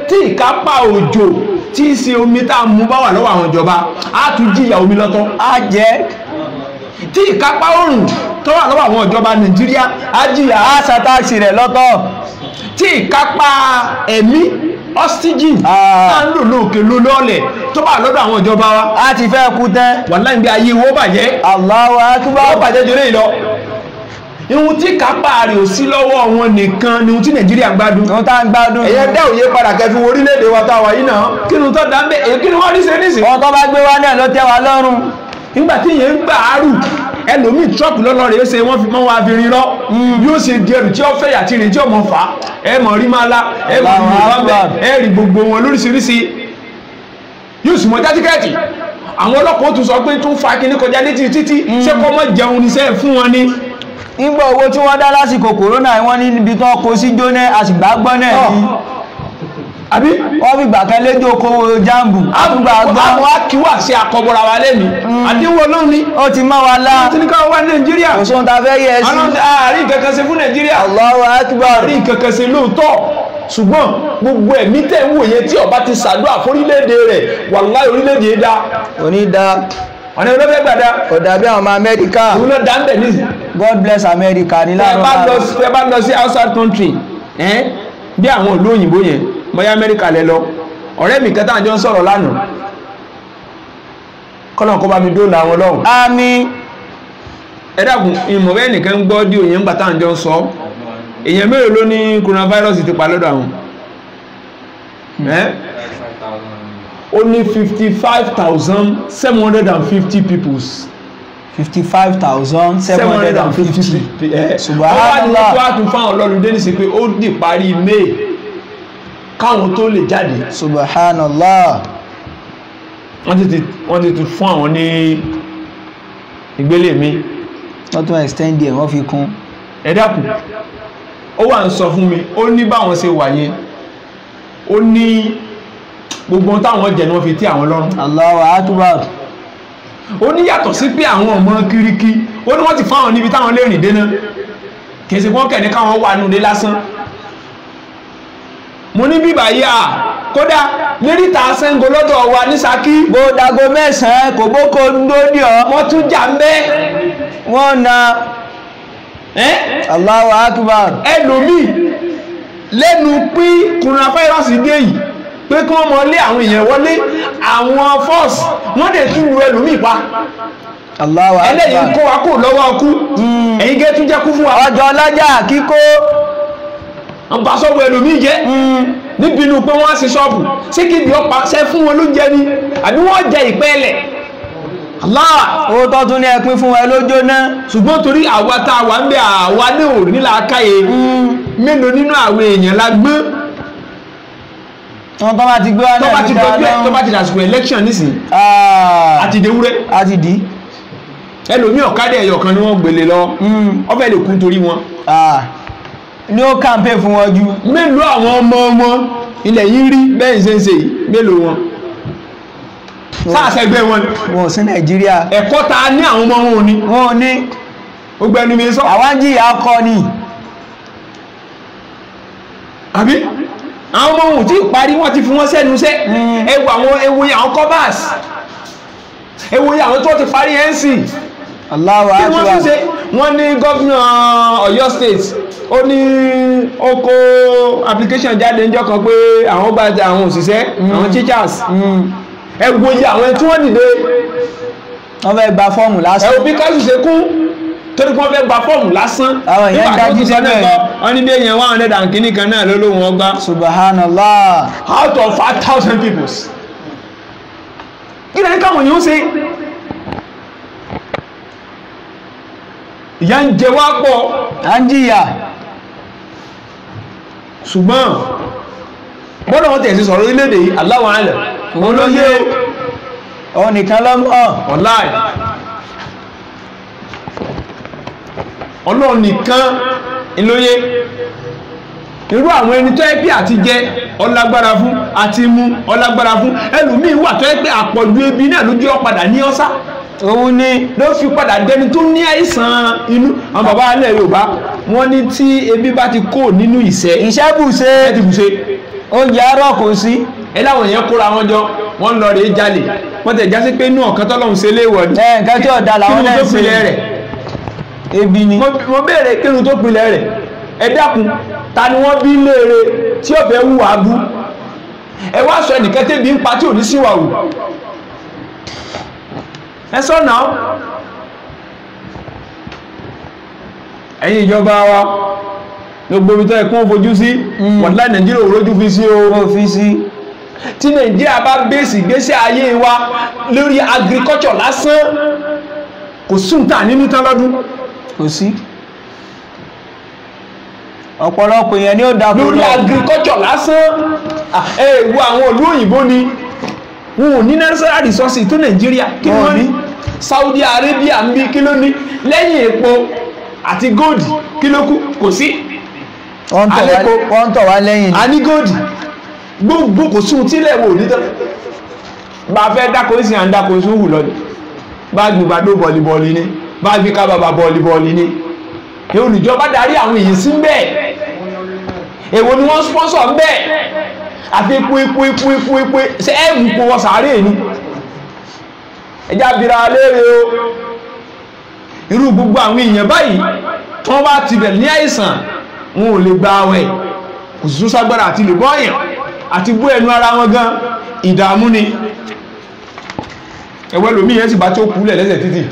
tí ìkápá òjò tí í ṣe omi tá a mú bá wà lọ́wọ́ àwọn ìjọba á tún jìyà omi lọ́tọ̀. á jẹ́ tí ìkápá òrùn tó wà lọ́wọ́ àwọn ìjọba nàìjíríà á jìyà á sa táàsì rẹ̀ lọ́tọ̀ tí ìkápá ẹ̀mí oxygen ah. tá ń lò lóòkè ló lọ́ọ̀lẹ̀ tó bá lọ́dọ̀ àwọn ìjọba wa. a ti fẹ́ kú tẹ́. wàláhì bí ayé owó bàjẹ́. Allahu akbar. owó bàjẹ́ jẹ́ lẹ́yìn lọ. ihun tí kápá rẹ̀ ò sí lọ́wọ́ wọn nìkan ni ihun tí nàìjíríà gbádùn. ohun tá a gbádùn. ẹ̀yẹ dá òye padà kẹfí orílẹ̀-èdè wa tá a wà yìí náà. kí ni tó ni wọ́n rí ṣe nísìnyí. wọn tó bá gbé wa náà ló tẹ́ wa lọ́rùn nígbà tí yẹn ń gbà áàrù ẹlòmíì trump lọ́lọ́ rẹ̀ ṣe wọ́n fi mọ́ wá fi rin lọ yóò ṣe di ẹrù tí ó fẹ́ yàtí rìn tí ó mọ̀ fà á ẹ mọ̀ rí máa la ẹ mọ̀ rí máa bẹ̀ ẹ rí gbogbo wọn lóríṣiríṣi yóò sì mọ̀ já tíkẹ́ẹ̀tì àwọn ọlọ́pàá ó tún sọ pé tún fa kíní kọjá létí títí ṣé kọ́ mọ́ jẹun ní sẹ́ẹ̀ fún wọn ni nígbà owó tí wọ́n dá lásìkò kòrónà wọ́n ní níbi tán kó sí jóná àsìgbà gbọ́nà yìí àbí. wọ́n fi gbà kan lẹ́jọ́ kówó jáàmù. àbùgbà àgbà. àwọn akiwa sí akọbọra wa lẹ́mi. Hmm. àdínwó ló ní. ó ti má wa la. ó ti ní ká wá nàìjíríà. kò sóhun tá a fẹ́ yẹ ẹ sí. àná àárín kankan ṣe fún nàìjíríà. Allahu Akbar. àárín kankan ṣe lóòótọ́ ṣùgbọ́n gbogbo ẹ̀mí tẹ̀ ń wòye tí ọba ti ṣàdúrà fún èdè rẹ̀ wàláì orílẹ̀-èdè yẹn òní dá ọ̀nà ìlú fẹ́ gbàdá. kò dàbí àwọn ọmọ amẹ́ríkà. òun ló dá ń bẹ̀ ní. God bless America ní láàárọ̀ láàárọ̀. tẹ bá lọ sí outside country bí àwọn òlú òyìnbó yẹn bóyá amẹ́ríkà lẹ lọ ọ̀rẹ́ mi kẹta àjọ ń sọ̀rọ̀ lánàá kọ́lọ̀n bá mi dóòlà wọn lọ́hùn. àmín ẹ dàgùn ìmọ̀ bẹ́ẹ̀ nìkan ń gbọ́ di òyìn gbàtà àjọ ń sọ èèyàn mélòó ló ní coronavirus ti pa lọ́dọ̀ àwọn ó ní fifty peoples 55,750. ṣùgbọ́n àwọn àdúgbò tó tún fáwọn ọlọ́run dé ní sí pé ó dì parí may káwọn tó lè jáde. subhanallah. wọ́n ti wọ́n ti tún fún àwọn ní ìgbélé mi. wọ́n tún extend ẹ̀ wọ́n fi kún. ẹ dákun ó wà ń sọ fún mi ó ní báwọn ṣe wà yẹn ó ní gbogbo ohun táwọn jẹ ni wọ́n fi tí àwọn lọ́rùn. Allahu akbar. ó ní yàtọ̀ sí pé àwọn ọmọ kiriki ó ní wọ́n ti fáwọn níbi táwọn lè rìn dé náà kì í ṣe pé wọ́n kẹ̀ ní káwọn wà nù lásán mo ní bíbà yìí à kódà níríta Ṣàngó lọ́dọ̀ wa ní Ṣakí. bó dago mẹ́sàn-án kò bóko ń dóni ọ. wọ́n tún jà ń bẹ́. wọ́n na Allahu Akbar. ẹlòmíì lẹ́nu pín kùnà fáírọ́ọ̀sì dé yìí pé kí wọ́n mọ lé àwọn èèyàn wọlé àwọn fọ́ọ̀sì wọ́n lè tún lu ẹlòmíì pa ẹlẹ́yìn kó wa kó lọ́wọ́ ọkú hmm. ẹ̀yin gé tún jẹ́ kú fún wa. ọjọ́ ọlájà kíkó ń bá sọ́ọ̀bù ẹlòmíì jẹ́ hmm. níbi inú pé wọ́n á sí sọ́ọ̀bù sí kí ibi ọ̀pá ṣẹ́ fún wọn ló jẹ́ ni àbí wọ́n jẹ ìpẹ́ẹ̀lẹ̀ Allah ó tọ́tún ní ẹpin fún wa lójó náà ṣùgbọ́n torí àwa tá a wà ń bẹ àwa ní òrí nílà káyè hmm. mélòó nínú àwọn èèyàn la gbé wọn tó bá ti gbé wọn náà níta lọ́wọ́ tó bá ti dàsìkò election nísìn àti ah. ìdèwúrẹ́ àti ìdí ẹlòmíì ọ̀kadà ẹ̀yọ̀kan ni wọ́n gbélé lọ hmm. ó fẹ́ lè kú torí wọn. Ah ni ó kàǹpé fún wọn ju mélòó àwọn ọmọ wọn ilẹ̀ yìí rí bẹ́ẹ̀ ṣe ń ṣe yìí mélòó wọn sáàsẹ̀gbẹ́ wọn ni wọ́n sí nàìjíríà ẹ̀kọ́ ta ní àwọn ọmọ wọn ò ní wọn ò ní gbogbo ẹni mi sọ àwọn jìyà akọ ni àbí àwọn ọmọ wọn ò tí ì parí wọn ti fi wọn sẹ́nu sẹ́ ewu hmm. àwọn ewu yẹn àwọn covers ewu yẹn àwọn tó ti parí ẹ̀ ń sìn aláwọ̀ àti wọ́n ti ṣe wọ́n ní gómìnà Ọ̀yọ́ state ó ní ó application jáde níjọ́ kan pé àwọn gba àwọn òṣìṣẹ́ mm. àwọn teachers mm. ẹ wo iye àwọn tí wọ́n dìde. wọ́n fẹ́ gba fọ́ọ̀mù lásán. ẹ wo bí káṣù ṣe kú torí pé wọ́n fẹ́ gba fọ́ọ̀mù lásán. àwọn èèyàn dájú sílẹ̀ nípa wọ́n ní bí èèyàn one hundred and kìíní kan náà ló lóun ọgbà. subhanallah. out of five thousand people. kí ni káwọn yóò ṣe. ìyá ń jẹ wá pọ̀ à ń jìyà ṣùgbọ́n bọ́dọ̀ wọ́n tẹ̀sí sọ̀rọ̀ orílẹ̀-èdè aláwọ̀ alẹ̀ mo ló yé ọ̀hún nìkan lọ́mọ́ ọ̀láì ọlọ́run nìkan ìlóye irú àwọn ẹni tó yẹ pé àti jẹ ọlágbára fún àti mu ọlágbára fún ẹlòmíín wà tó yẹ pé àpọ̀jù ebi náà lójú ọ̀padà ní ọ́sá òun ni ló fi padà dẹni tó ní àìsàn inú àwọn bàbá alẹ́ yorùbá wọ́n ní tí ebi bá ti kó nínú ìṣẹ́ ìṣẹ́ bùṣe ti bùṣe oúnjẹ arọ kò sí ẹ láwọn èèyàn kóra wọn jọ wọ́n lọ rèé jalè wọ́n tẹ̀ já sí pé inú ọ̀kan tọ́lọ́hún ṣe léèwọ̀ ni ẹ nǹkan tí ọ̀dà làwọn náà ṣe kí rẹ̀ ebi ni mo béèrè kí ni tó pilẹ̀ rẹ̀ ẹ dákun ta ni wọ́n bí léèrè tí ọ̀fẹ́ wù wá bú ẹ wá sọ ẹnìkan tẹ́bi ń pa tí ò ní síwáwù ẹ sọ náà ẹ̀yin ìjọba wa gbogbo ibi tó yẹ kó fojú sí mm. wọ̀dá nàìjíríà òrójú fi sí o tí nàìjíríà bá bẹ́sì gbésí ayé wa lórí agirikọ́tsọ̀ lásán kò súntà nínú tán lọ́dún kò sí ọ̀pọ̀lọpọ̀ èèyàn ni ó dákú lórí agirikọ́tsọ̀ lásán ah. ẹ̀ẹ̀wọ̀ àwọn olú òyìnbó ni wọn ò ní natural resources tó nàìjíríà kí wọ́n ní saudi arabia ń bí kí ló ní lẹ́yìn epo àti gold kí ló kù kò sí. wọ́n ń tọ̀ wá lẹ́yìn ni. a ní gold gbogbo kò sóhun tílẹ̀ wò ní tán bá a fẹ́ dáko sí à ń dáko sóhun hù lọ́dún bá a gbùgbà dó bọ̀lìbọ̀lì ni bá a fi ká bàbà bọ̀lìbọ̀lì ni olùjọba darí àwọn èyí sí bẹ́ẹ̀ èwo ni wọ́n sponsor bẹ́ẹ̀ àfi ikú ikú ikú ikú ikú ṣe ẹ mú kó wọ sàárè ni ẹjá bira léèrè o irú gbogbo àwọn èèyàn báyìí tí wọ́n bá ti bẹ̀ ní àìsàn wọn ò lè gba àwẹ̀ kò sí tún ságbára àti lè bọ́ ọ̀yàn àti bú ẹnu ara wọn gan ìdààmú ni ẹwẹ́ lómi sì bá tí ó kúlẹ̀ lẹ́sẹ̀ títì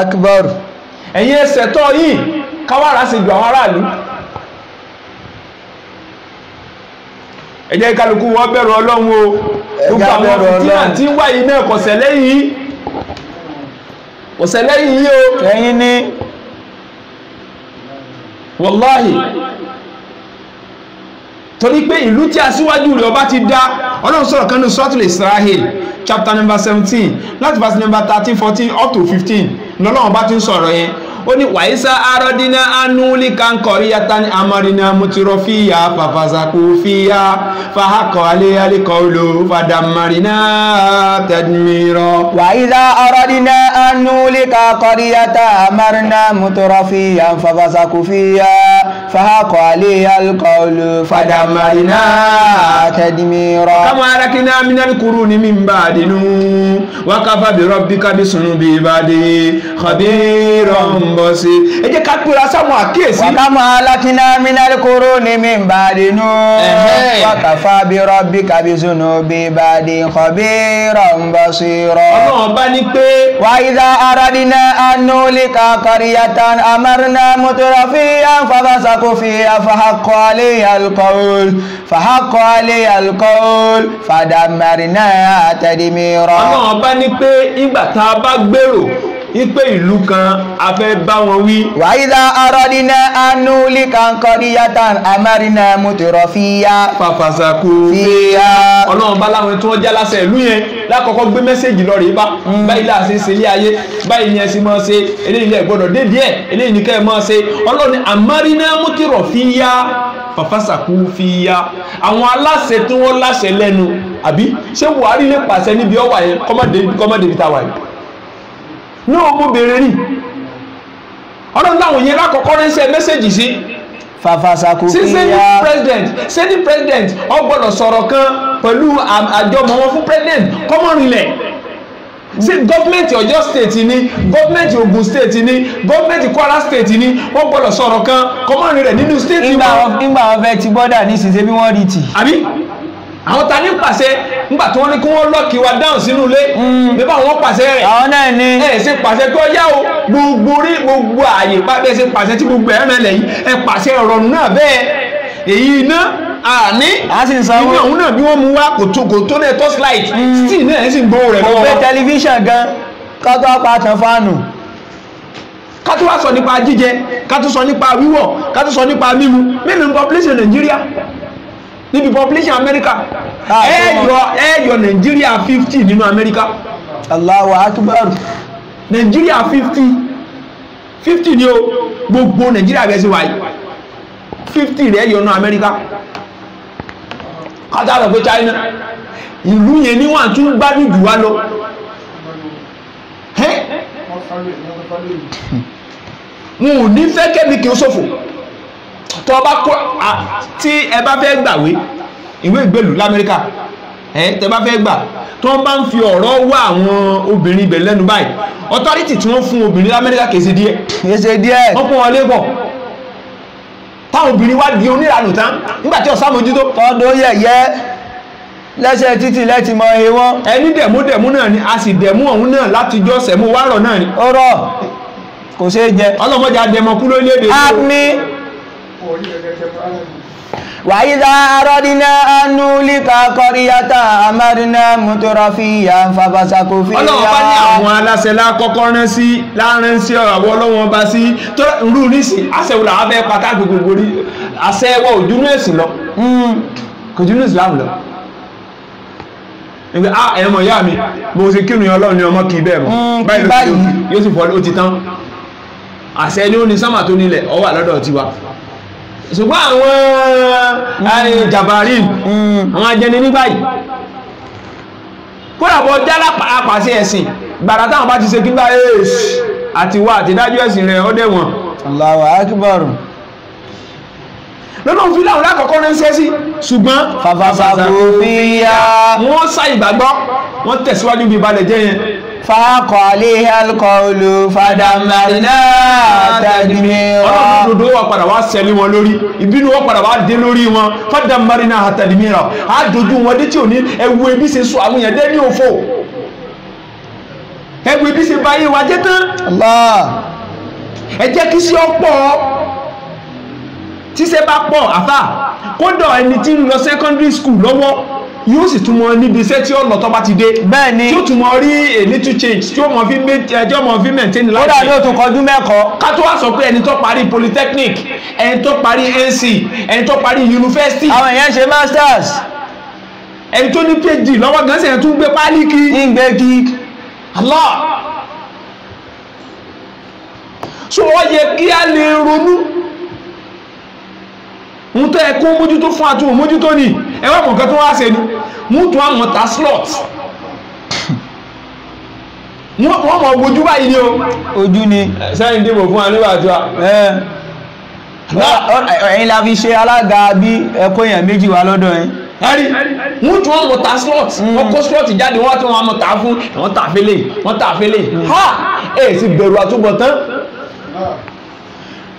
Akbar ẹ̀yin ẹsẹ̀ tọ́ yìí káwàrà sì ju àwọn aráàlú ẹ jẹ́ kálukú wọ́n bẹ̀rù ọlọ́run o gbogbo àwọn fìtínà tí ń wá yìí náà kọ̀sẹ̀ lẹ́yìn kọ̀sẹ̀ lẹ́yìn yìí o ẹ̀yin ni wàláhì torí pé ìlú tí aṣíwájú rẹ̀ ọba ti dá ọlọ́run sọ̀rọ̀ kan ní suratul Israel chapter number seventeen láti verse number thirteen fourteen up to fifteen lọ́lọ́run ọba ti ń sọ̀rọ̀ yẹn ó ní wàyísá arọ́dínà anúlí kankọ̀rí yata ní amadina mutirọ fìyà fàfàsàkù fìyà fàákọ̀ aléyàlékọ̀ ló fàdàmàrínà tẹ̀dùmírọ. wàyísá arọ́dínà anúlí kankọ̀rí yata amadina mutirọ fìyà fàfàsàkù fìyà fàákọ̀ aléyàlékọ̀ ló fàdàmàrínà tẹ̀dùmírọ. kama arakina minali kuru ni min bá a dinu wakafa bi rọbbi kabi sunu bi ba de xabiirọ mọ̀ sí ẹ jẹ́ ká gbéra sáwọn àkíyèsí. wàkàmọ́ alákínná mínálì kúrò ní mi bá dé nù. wàkàfà bí rọ́bì kàbí sunu bí bá dé kọ́ bí rọ́ǹbọ̀ sí rọ́. ọlọ́run bá ní pé. wà á aradínà anúlì kakọ̀rì yàtà amárínà mọ́tòrò fi àǹfàbàṣàkó fi àfàhàkọ́ alẹ́ alkọ́ọ̀l fàhàkọ́ alẹ́ alkọ́ọ̀l fàdàmárínà àtẹ̀dìmíràn. ọlọ́run bá ní pé ìgbà tá a bá gbèrò ipe ìlú kan a fẹ́ bá wọn wí. wàyídà arọ́dínà anú líkàǹkọ́ ní yàtàn amárínà mùtòrọ̀ fìyà. fàfàṣàkó fìyà. ọlọ́run bá láwọn tí wọ́n já lásẹ̀ ìlú yẹn lákọ̀ọ́kọ́ gbé mẹ́sẹ̀gì lọ rèé bá mm. báyìí là ṣe ṣe ilé ayé báyìí ni ẹ sì máa ṣe eléyìí lẹ gbọ́dọ̀ dé díẹ̀ eléyìí ni kẹ́ ẹ máa ṣe ọlọ́run amárínà mùtòrọ̀ fìyà fàfàṣàkó fìyà àwọn aláṣẹ tí wọ́n láṣẹ lẹ́nu àbí ṣé buhari lè pàṣẹ níbi ọwà yẹn kọ́mọ̀dé ibi tá yìí ní ọmọ bèrè rí ọlọ́run láwọn yẹn lákọ̀ọ́kọ́ ránṣẹ́ mẹ́sẹ̀gì sí fàfàṣàkó fi yá president senate president ó gbọ́dọ̀ sọ̀rọ̀ kan pẹ̀lú àjọmọ̀ wọn fún president kọ́mọ̀rìnlẹ̀ sí gọ́ọ̀mẹ̀ntì ọ̀yọ́ state ni gọ́ọ̀mẹ̀ntì ogun state ni gọ́ọ̀mẹ̀ntì kwara state ni wọ́n gbọ́dọ̀ sọ̀rọ̀ kan kọ́mọ̀rìnlẹ̀ nínú state wọn. ìgbà wọn fẹ́ ti bọ́dà nísinsìnyí bí wọ́n rí tì. àbí àwọn ta ní pàṣẹ nígbà tí wọ́n ní kí wọ́n lọ́ọ̀kì wa dáhùn sínú ilé hmm. nígbà wọ́n pàṣẹ rẹ̀ àwọn náà ni ẹ ṣe pàṣẹ tó yá o gbogbo rí gbogbo ààyè pàṣẹ ṣe pàṣẹ tí gbogbo ẹ̀rẹ́ yìí ẹ pàṣẹ ọrọ náà èyí iná àní náà bí mú kò tó náà tó slide náà sì ń gbowó rẹ kò tẹlifíṣàn gan fáànù wá sọ sọ nípa sọ nípa mímu níbi population America. Ah, ẹ yọ ẹ yọ Nàìjíríà fifty nínú Amẹ́ríkà. Allahu Akbar. Nigeria fifty fifty ni o gbogbo Nigeria. bẹ́ẹ̀ sì wáyé fifty rẹ̀ yọ nù America. kátà lọ pé China ìlú yẹn ni wọ́n tún gbádùn jù wá lọ wọn ò ní fẹ́ kẹ́mi kì í ṣòfò tọ́ bá kó tí ẹ bá fẹ́ gbàwé ìwé ìgbèlú lamẹ́ríkà ẹ tẹ bá fẹ́ gbà tí wọ́n bá ń fi ọ̀rọ̀ wá àwọn obìnrin ibẹ̀ lẹ́nu báyìí ọtọ́rìtì tí wọ́n fún obìnrin lamẹ́ríkà kèsè díẹ̀ kèsè díẹ̀ wọ́n pọ́n wọn lébọ̀ táwọn obìnrin wá di oníranù tán nígbà tí ọ̀sán mojútó. tọ́dọ̀ yẹ̀yẹ́ lẹ́sẹ̀ títì lẹ́ti mọ ẹ wọ́n. ẹni dẹ̀mú dẹ̀mú náà ni a sì dẹ̀mú ọ̀hún náà látijọ́ sẹ̀mú wárọ̀ náà ni. ó rọ̀ kò ṣeé jẹ. ọlọ́mọdé adẹmọkú lórílẹ̀-èdè. àmín wàyíṣà arọ́dínà anúlíkà kọ́ríyàtà amádínà mútúrọ́fíyà fàbàṣàkó fi yá. ọlọ́wọ́n bá ní àwọn aláṣẹ lákọ́kọ́ rán sí láàrin sí àwọn ọlọ́wọ́n bá sí tó rú nísì àṣẹwò làwọn abẹ́ pàtàkì gbogbo rí àṣẹwò òjúnú ẹ̀sìn lọ hmm. kò júnú Islam lọ. ẹgbẹ́ a ah, ẹ̀ mọ̀ ìyá mi mo ṣe kírun ọlọ́run ni ọmọ kì í bẹ́ẹ̀ mọ̀ hmm, báyìí yóò sì fọ́ ó ti tán àṣẹ ni ó ní sámà tó nílẹ̀ ó wà lọ́dọ̀ tiwa ṣùgbọ́n àwọn mm. eh, jàbàrí mm. àwọn ajẹni ní báyìí kódà bọ́ jálá pàṣẹ ẹ̀sìn gbàrà táwọn bá ti ṣe kígbà èèṣì àti wà àti dájú ẹ̀sìn rẹ̀ ó dẹ̀wọ̀n. Allahu akbar. lọ́nà òfin làwọn lákọ̀ọ́kọ́ ní ṣe sí ṣùgbọ́n. fàfàfà kò yá. wọ́n sá ìgbàgbọ́ wọ́n tẹ̀síwájú bí balẹ̀ jẹ́ yẹn fàákọ̀ alẹ́ alkọ̀ọ́lù fàdàmàrínà tàdìmí wọn. ọlọ́run dòdò wà padà wá sẹ́lé wọn lórí ìbínú wọn padà wá dé lórí wọn fàdàmàrínà tàdìmí rà á dojú wọn dé tí ò ní ẹwu ebi ṣe sọ àwọn yẹn dé ní òfò ẹwu ebi ṣe ba yé wa jẹ tán ẹ jẹ́ kí sí ọ̀pọ̀ tíṣẹ́ bá pọ̀ àfà kódà ẹni tí ń lọ secondary school lọ́wọ́ yóò sì tún mọ níbi iṣẹ́ tí ó lọ tó bá ti dé. bẹ́ẹ̀ni tí ó tún mọ rí a little change tí ó mọ fi ẹjọ́ eh, mọ fi maintain life. kódà yóò tún kọjú mẹ́kọ̀ọ́. ká tó wá sọ pé ẹni tó parí polytechnic ẹni tó parí nc ẹni tó parí university. àwọn èèyàn ṣe masters. ẹni tó ní phd lọ́wọ́ gan sẹ́yìn tún gbé páálí kí. ń gbé kí. Allah. so ó yẹ kí a lè ronú ń tẹ́ ẹ kó mójútó fún àtúwò mójútó ni ẹ wá mọ̀ọ́kẹ́ tó wá ṣe ni wọ́n tún àwọn ta slot wọ́n mọ̀ ojú báyìí ni o ojú ni sẹ́yìn dìbò fún anígbàjọ́ ẹ̀yin la fi ṣe alága bí ẹkọ èèyàn méjì wá lọ́dọ̀ yín ẹ̀rí wọ́n tún àwọn ta slot mm. wọ́n kó slot jáde wọ́n tún àwọn ta fún wọ́n ta fẹ́lẹ̀ wọ́n ta fẹ́lẹ̀ ha ẹ̀ sì bẹ̀rù àtúbọ̀tán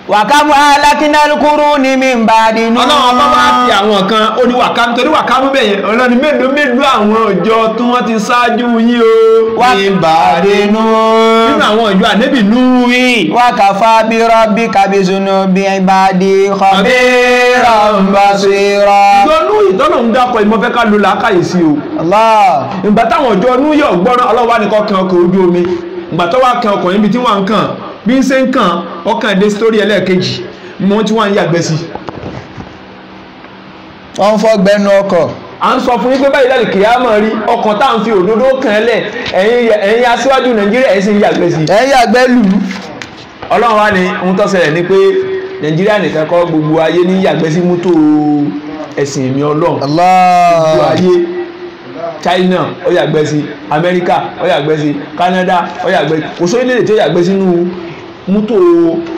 wàkámú alákínálukúrú ní mi ń bá di nù. ọlọ́run ọba wá fi àwọn kan ó ní wàkámú torí wàkámú bẹ̀ yẹn ọlọ́run ní mélòó mélòó àwọn ọjọ́ tí wọ́n ti ṣáájú yín o. wà ní bàdé nù. nínú àwọn ìjọ ànẹ́bì nù rí. wákàfà bí rọ́bì kábíyèsínú bí ìbàdí kọ́bí rọ́mbàṣírọ́. ìgbọ́nú ìtọ́nà ń dákọ̀ ìmọ̀fẹ́ ká ló làákàyèsí o. ìgbà táwọn ọjọ́ nú yọ̀ gbọ́n bí ń ṣe ń kàn ọkàn dé sítórí ẹlẹ́ẹ̀kejì ni wọ́n ti wá ń yàgbẹ́ sí. wọ́n ń fọ́gbẹ́nu ọkọ̀ à ń sọ fún yín pé báyìí láti kìyà mọ̀ rí ọkàn tá à ń fi òdodo kàn ẹ́ lẹ̀ ẹ̀yin aṣíwájú nàìjíríà ẹ̀ sì ń yàgbẹ́ sí. ẹ̀ ń yàgbẹ́ lù. ọlọ́run wa ni ohun tó ṣẹlẹ̀ ni pé nàìjíríà nìkan kọ́ gbogbo ayé ní yàgbẹ́ sí mútò ẹ̀sìn mi ọlọ́run gbogbo ayé china ó yàgbẹ́ sí amẹ́ríkà ó yàgbẹ́ sí canada ó yàgbẹ́ kò sóyún lédè tó yàgbẹ́ sínú mútò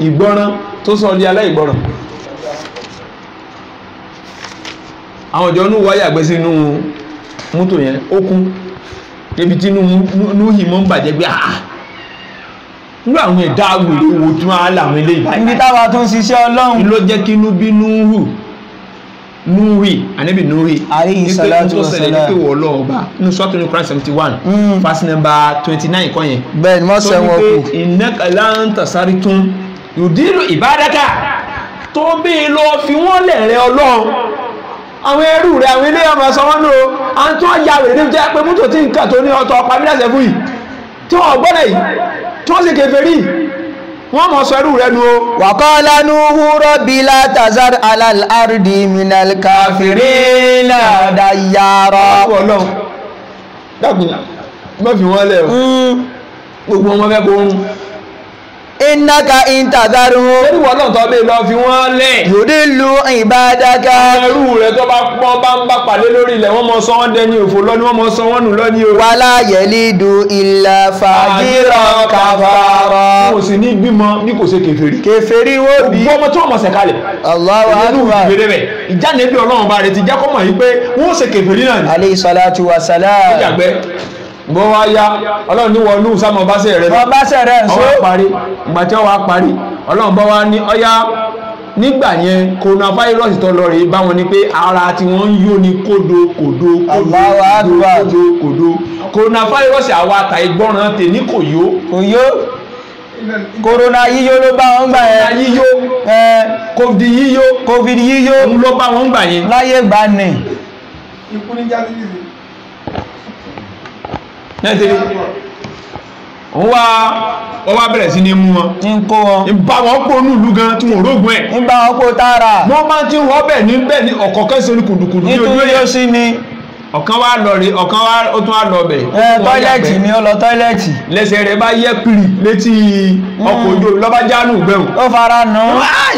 ìgbọ́ràn tó sọ di aláìgbọ́ràn àwọn ìjọ nù wáyà gbé sínú mútò yẹn ó kún débi tí núhì mọ́ ń bàjẹ́ pé àá nígbà àwọn ẹ̀dá wèrè wo tí á làwọn eléyìí. ibi táwa tún ṣiṣẹ́ ọlọ́run. ló jẹ́ kí inú bínú hù nuri anabi nuhi aleyhi salatu wa salam nítorí pé wọ́n lọ ọba nínú sọ́ọ́tù ní Quran seventy one mm. verse number twenty nine kọ́ yẹn. bẹ́ẹ̀ ni wọ́n sẹ́ wọn kù. tó ní pé ìnákàlà ń tàsárí tún yòdìrú ìbádàkà tó bí lọ fi wọ́n lẹ̀rẹ̀ ọlọ́run àwọn ẹrú rẹ̀ àwọn ilé ọmọ ẹ̀sán wọn lò à ń tún ọjà rẹ̀ níbi tó yẹ pé mọ́tò tí nǹkan tó ní ọtọ ọ̀pá mílíọ̀sẹ̀ fún yìí tí wọ́n gbọ́dọ̀ yìí tí wọ́n sì kèfèrí yìí wọ́n mọ̀ sọ́rú rẹ̀ nu o. wàkọ́lá ní húrọ́ bí látàzár alárìdì minal káfírí láàdá yàrá. ọlọ́run wọ́n lẹ̀ hmm. gbogbo wọn fẹ́ ìnáka ìntàdárù. lórí wọn náà tó bẹ́ẹ̀ lọ fi wọ́n lẹ̀. yòdì lu ìbádàkà. ẹrú rẹ tó bá pọ́n bá ń bá pàdé lórí ilẹ̀ wọ́n mọ sọ dẹni òfò lọ́ni wọ́n mọ sọ nù lọ́ni o. wàhálà yẹlí du ìlà fàdírà kàfàrà. mo sì ní bímọ ní kò ṣe kèfèrí. kèfèrí wo bí. gbọ́mọ tí wọ́n mọ̀ sẹ̀ kalẹ̀. Allahu akbar. ìjáde ọlọ́run bá rẹ ti jẹ́ kọ́mọ̀ yìí pé wọ́n ṣe kèfèrí náà ni. aleyhi salatu wa salam. ó jàgbẹ́. bó wá yá ọlọ́run ní wọlú sámọ báṣẹ rẹ báṣẹ rẹ ń ọwọ́ parí ìgbà tí wọ́n parí ọlọ́run bá wá ní ọyá nígbà yẹn coronavirus tó lọ rèé bá wọn ni pé ara tí wọ́n ń yó ni kódo kódo kódo kódo kódo coronavirus àwa àtà ìgbọràn tèmi kò yó. kò yó kòrónà yíyó ló bá wọn gbà yẹn kòrónà yíyó covid yíyó covid yíyó ló bá wọn gbà yẹn láyé gbà ní. ikú ní jásílì nẹ́tẹ̀lẹ́ wọ́n wá wọ́n wá bẹ̀rẹ̀ sí ní mú wọn ń kó wọn ń bá wọn kó nù lú gan tí wọn rógun ẹ̀ ń bá wọn kó tààrà wọ́n máa ti wọ́ bẹ̀ ní bẹ́ẹ̀ ní ọ̀kọ̀ọ̀kan sí olùkùdùkùdù ní ojú yóò sí ni ọ̀kan wá lọ rí ọ̀kan wá ó tún wá lọ bẹ̀. ẹ tọ́lẹ̀tì ni ó lọ tọ́lẹ̀tì. lẹ́sẹ̀ rẹ̀ bá yẹ pìrì létí ọkọ̀ ojú lọ́ba jánu gbẹ̀hùn. ó fara nù.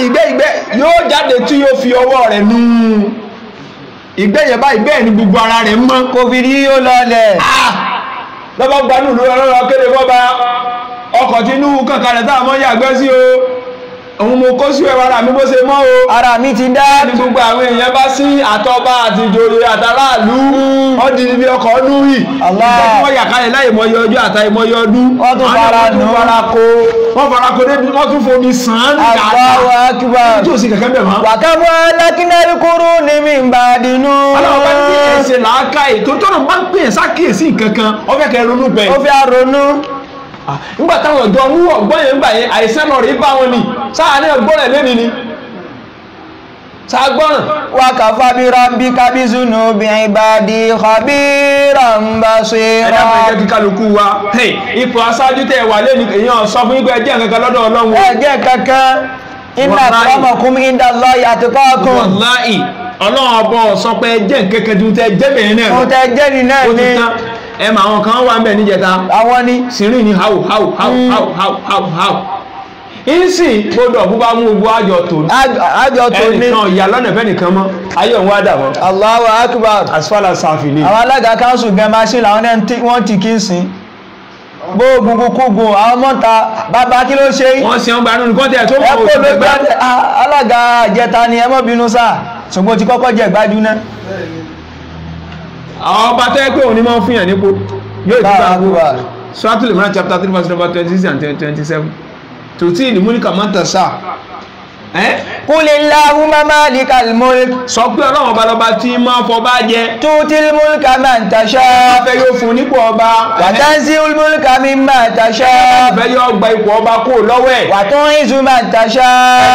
ìgbẹ́ ìgbẹ́ yóò jáde tí yóò fi ọwọ́ rẹ̀ nù ìgbẹ́ yẹn báyìí bẹ́ẹ̀ ni gbogbo ara rẹ̀ mọ́. covid yóò lọlẹ̀. ah lọ́bọ̀ gbanú ìlú ọlọ́rọ̀ kéde fọ́ba ọkọ̀ tí inú kankan rẹ̀ táwọn yàgbẹ́ sí o òun mo kó sí ẹwà ara mi bó ṣe mọ́ o. ara mi ti dá. ní gbogbo àwọn èèyàn bá sí àtọ́ba àti ìjòyè àtàláàlú. Hmm. wọ́n di ibi ọkọ̀ ọdún yìí. Allah wọ́n fún yàkálẹ̀ láì mọyé ọjọ́ àtà ìmọyé ọdún. wọ́n tún fara nù. wọ́n fara ko wọ́n fara ko débi wọ́n tún fomi sàn. Allahu akbar. ní tòsí kẹ̀kẹ́ bẹ̀ mọ́. wàkàbọ̀ lákínẹ́rì kúrú ni mi ń bá dínú. ọlọ́run bá ń pè é nígbà ah, táwọn ọ̀dọ́ níwọ̀ gbọ́n yẹn gbà yẹn àìsàn lọ rí bá wọn ni sáà ní rẹ̀ lẹ́ni ni sagbọ́n. wà á kàfa bí rábí kábí zunu bí ibadi xabi ramba ṣe rà. ẹ dábàá jẹ́ kí kálukú wa ipò aṣáájú tẹ̀ wà lẹ́nu èèyàn sọ fún yípa ẹjẹ́ kankan lọ́dọ̀ ọlọ́run. ẹjẹ́ kankan iná kọ́mọkún iná lọ yàtúkọ́ kún. ọlọ́run ọbọ̀ sọ pé ẹjẹ́ kankan tún tẹ jẹ́ bẹ̀rẹ̀ nínú ẹ̀ ẹ mà àwọn kan wà ńbẹ̀ níjẹta àwọn ní sìnrìn ní hau hau hau hmm. hau hau hau hau ìsì gbọdọ̀ bú bá mú gbogbo àjọ tó ní àjọ tó ní ẹnìkan ìyá lọ́nà fẹ́ nìkan mọ́ ayé òun wá dàbọ̀. Allahu akbar asfala sàfìlì. àwọn alága kanṣu gan machine làwọn náà wọ́n ti kí ń sìn gbóògùn kúkúgùn àwọn mọ́ta bàbá kí ló ṣe yìí. wọ́n ṣe ń gbanú kọ́tẹ̀ tó mọ̀ òṣù gbẹgbẹ́. alága ìjẹta ni ẹ mọ́ bínú sáà ṣùgbọ́n ti kọ́kọ́ jẹ ìgbájú náà àwọn ọba tẹ́ pé òun ni máa ń fún yàn nípò yóò ti gbà wá suratul Imran chapter three verse number twenty six and twenty seven tòtí ìlú múlíkà mọ́tà sáà kúlélàhùn máma ní kàlmọ́lì. sọ pé ọlọ́run ọba lọ́ba tí máa fọba jẹ. tuuti múlùkà máa ń taṣà. afẹ́ yóò fún nípò ọba. wàtánsí múlùkà mi máa ń taṣà. afẹ́ yóò gba ipò ọba kó lọ́wọ́ ẹ̀. wàtún ìzù máa ń taṣà.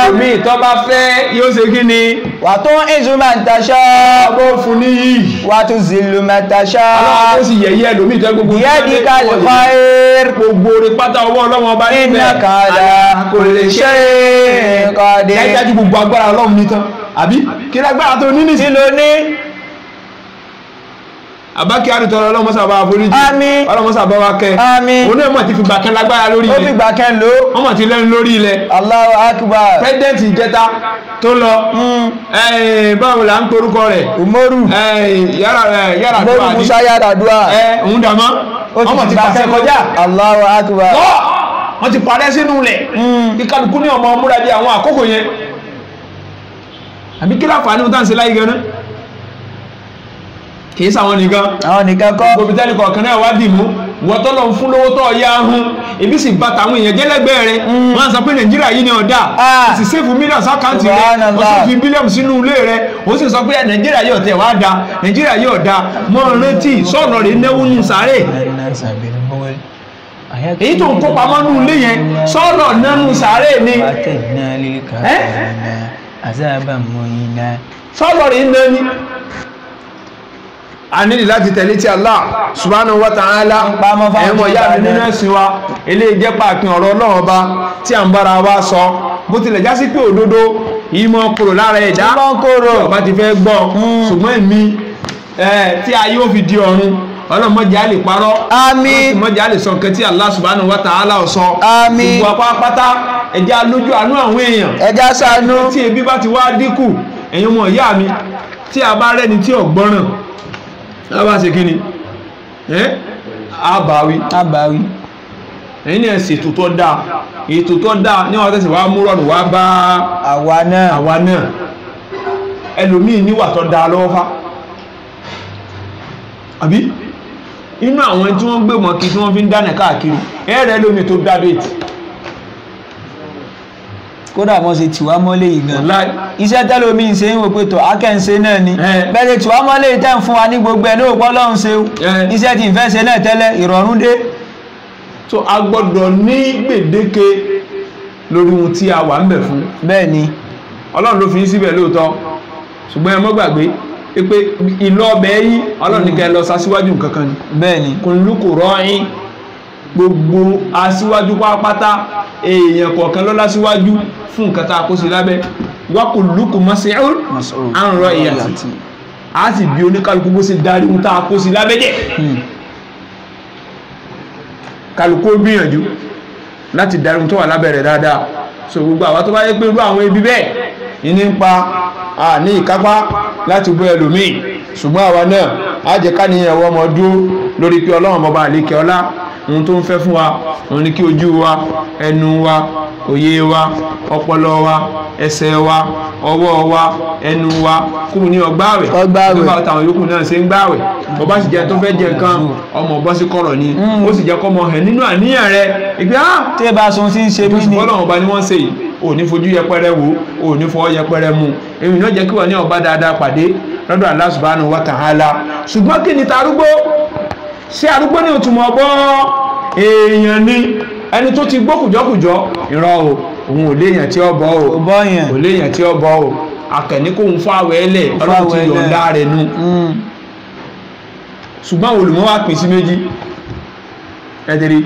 ẹ̀mí ìtọ́ bá fẹ́ yóò ṣe kí ni. wàtún ìzù máa ń taṣà. ọba fún níyì. wàtún zìlù máa ń dé. dájúdájú gbogbo agbára ọlọ́run nìkan àbí kí lágbára tó ní nìyí. kí ló ní. àbákí àdùtọ̀rọ̀ ọlọ́run mọ́sá bá wa forí jì. àmín ọlọ́run mọ́sá bá wa kẹ́. àmín òun náà mọ̀ ti fi gbà kẹ́ lágbára lórí ilẹ̀. ó fi gbà kẹ́ ló. wọ́n mọ̀ ti lẹ́nu lórí ilẹ̀. Allahu akbar. president ìjẹta tó lọ. Hmm. báwo la ń torúkọ rẹ̀. Umaru yàrá Musa yàrá dùà. ti gbà kọjá. Allahu akbar wọ́n ti parẹ́ sínú lẹ̀ hmm. kíkálukú ní ọmọ múra bí àwọn àkókò yẹn àbí kí láǹfààní wọn tàn sí láyé gan náà kìí sàwọn nìkan àwọn nìkan kọ́ gòbítẹ́lì kọ̀ọ̀kan náà wá dìmú wọ́n tọ́ lọ ń fún lówó tọ́ ya ahun ibi sì bàtà àwọn èèyàn jẹ́lẹ́gbẹ́ rẹ̀ hmm. wọ́n á sọ pé nàìjíríà yìí ni ọ̀dà ah. ó sì sèfù mílíọ̀nù sákàǹtì rẹ̀ ó sì fi bílíọ̀nù sínú ilé rẹ̀ ó sì sọ pé nàìjíríà yóò tẹ̀ wá da nàìjíríà yóò da mọ́ rántí sọ̀rọ̀ rẹ̀ náwó nù sáré èyí tó ń kó pamọ́ ilé yẹn sọ̀rọ̀ nánú sàárè ni sọ̀rọ̀ rẹ̀ iná ni a nílì láti tẹ̀lé ti Allah subhanahu wa ta'ala ẹ̀mọ̀ ìyá mi nínú ẹ̀sìn wa ilé jẹ́ pàápín ọ̀rọ̀ Ọlọ́run ọba tí a ń bára wa sọ bó tilẹ̀ já sí pé òdodo ìmọ̀ kúrò lára ẹ̀dá ọba ti fẹ́ gbọ́ hmm. ṣùgbọ́n èmi tí ayé ó fi di ọ̀run ọlọ́mọdé lè parọ́ àmín ọlọ́mọdé lè sọ nǹkan tí Allah subhanahu wa gbogbo apá ẹja lójú àánú àwọn èèyàn ẹja ṣàánú tí ebi bá ti wá dínkù ẹ̀yin ọmọ ìyá mi tí a bá rẹ́ni tí ò gbọ́ràn bá ṣe kíni ẹ́ àbáwí àbáwí ẹ̀yin ni ẹ̀sìn ètò tó dáa ètò ní àwọn tẹ̀sán wa mú rọrùn bá àwa náà àwa náà ẹlòmíì níwà tó dáa lọ́wọ́ fá àbí inú àwọn tí wọ́n gbé mọ́kí tí wọ́n fi ń dáná káàkiri ẹ̀rẹ́ lómi tó graduate kódà mo ṣe tìwá mọ́lé yìí gan iṣẹ́ tẹ́lómi ṣe ń wò pé tọ́ akẹ́ǹṣe náà ni bẹ́ẹ̀ tìwá mọ́lé yìí tẹ́ fún wa ní gbogbo ẹ̀ ní òpó lọ́hùn ṣe iṣẹ́ tí ń ṣe náà tẹ́lẹ̀ ìrọ̀rùn dé. tó a gbọ́dọ̀ ní gbèdéke lórí ohun tí a wà ń bẹ̀ fún. bẹ́ẹ̀ ni. ló fi í síbẹ̀ lóòótọ́ ṣùgbọ́n ẹ mọ́ gbàgbé pé ìlọ ọbẹ̀ yín ọlọ́run nìkan lọ sásíwájú nǹkan kan ni. bẹ́ẹ̀ni. kùnlùkù rọ́ọ̀yìn gbogbo aṣíwájú pátápátá èèyàn kọ̀ọ̀kan ló láṣíwájú fún nǹkan tá a kó sí lábẹ́ wákò lùkù mọ́sẹ̀ẹ́rù à ń rọ ìyà tì á sì bí oníkálukú bó ṣe darí ohun tá a kó sí lábẹ́ dẹ̀. Hmm. kálukú gbìyànjú láti darí ohun tó wà lábẹ́ rẹ̀ dáadáa so gbogbo àwa tó bá yẹ pé irú àwọn ibi bẹ́ẹ̀ ìní ń pa àní ìkápá láti bọ́ ẹlòmíì ṣùgbọ́n àwa náà á jẹ́ káníyàn wọ́n mọ́ dúró lórí pé ọlọ́run ọba àlékè ọlá ohun tó ń fẹ́ fún wa òun ni kí ojú wa ẹnu wa òye wa ọpọlọ wa ẹsẹ̀ wa ọwọ́ wa ẹnu wa kúrò ní ọgbààwẹ̀ ọgbààwẹ̀ nígbà táwọn yòókù náà ṣe ń gbààwẹ̀ bọ́bá sì jẹ́ tó fẹ́ jẹ nǹkan mm. ọmọ bọ́ sí kọ̀rọ̀ ni mm. ó sì jẹ́ kọ́mọ hẹ̀ nínú àníyàn rẹ ìgbé ah tẹ́ bá sun sí ṣe mí ni ọlọ́run ọba ni wọ́n ṣe yìí ò ní fojú yẹpẹrẹ wò ò ní fọwọ́ yẹpẹrẹ mu èmi náà jẹ́ kí wọ́n ní ọba dáadáa pàdé lọ́dọ̀ Allah subhanahu wa ṣùgbọ́n kí ni tarúgbó ṣé arúgbó ní òtún mọ̀ bọ́ èèyàn ni ẹni tó ti gbókùjọ́kùjọ́ ìrọ̀ o òun ò léèyàn tí ó bọ́ o ò léèyàn tí ó bọ́ o akẹ́ni kò ọlọ́run ti yọ̀ǹda rẹ̀ nu mm. ṣùgbọ́n olùmọ́ wa pín sí méjì ẹ̀dẹ̀rẹ̀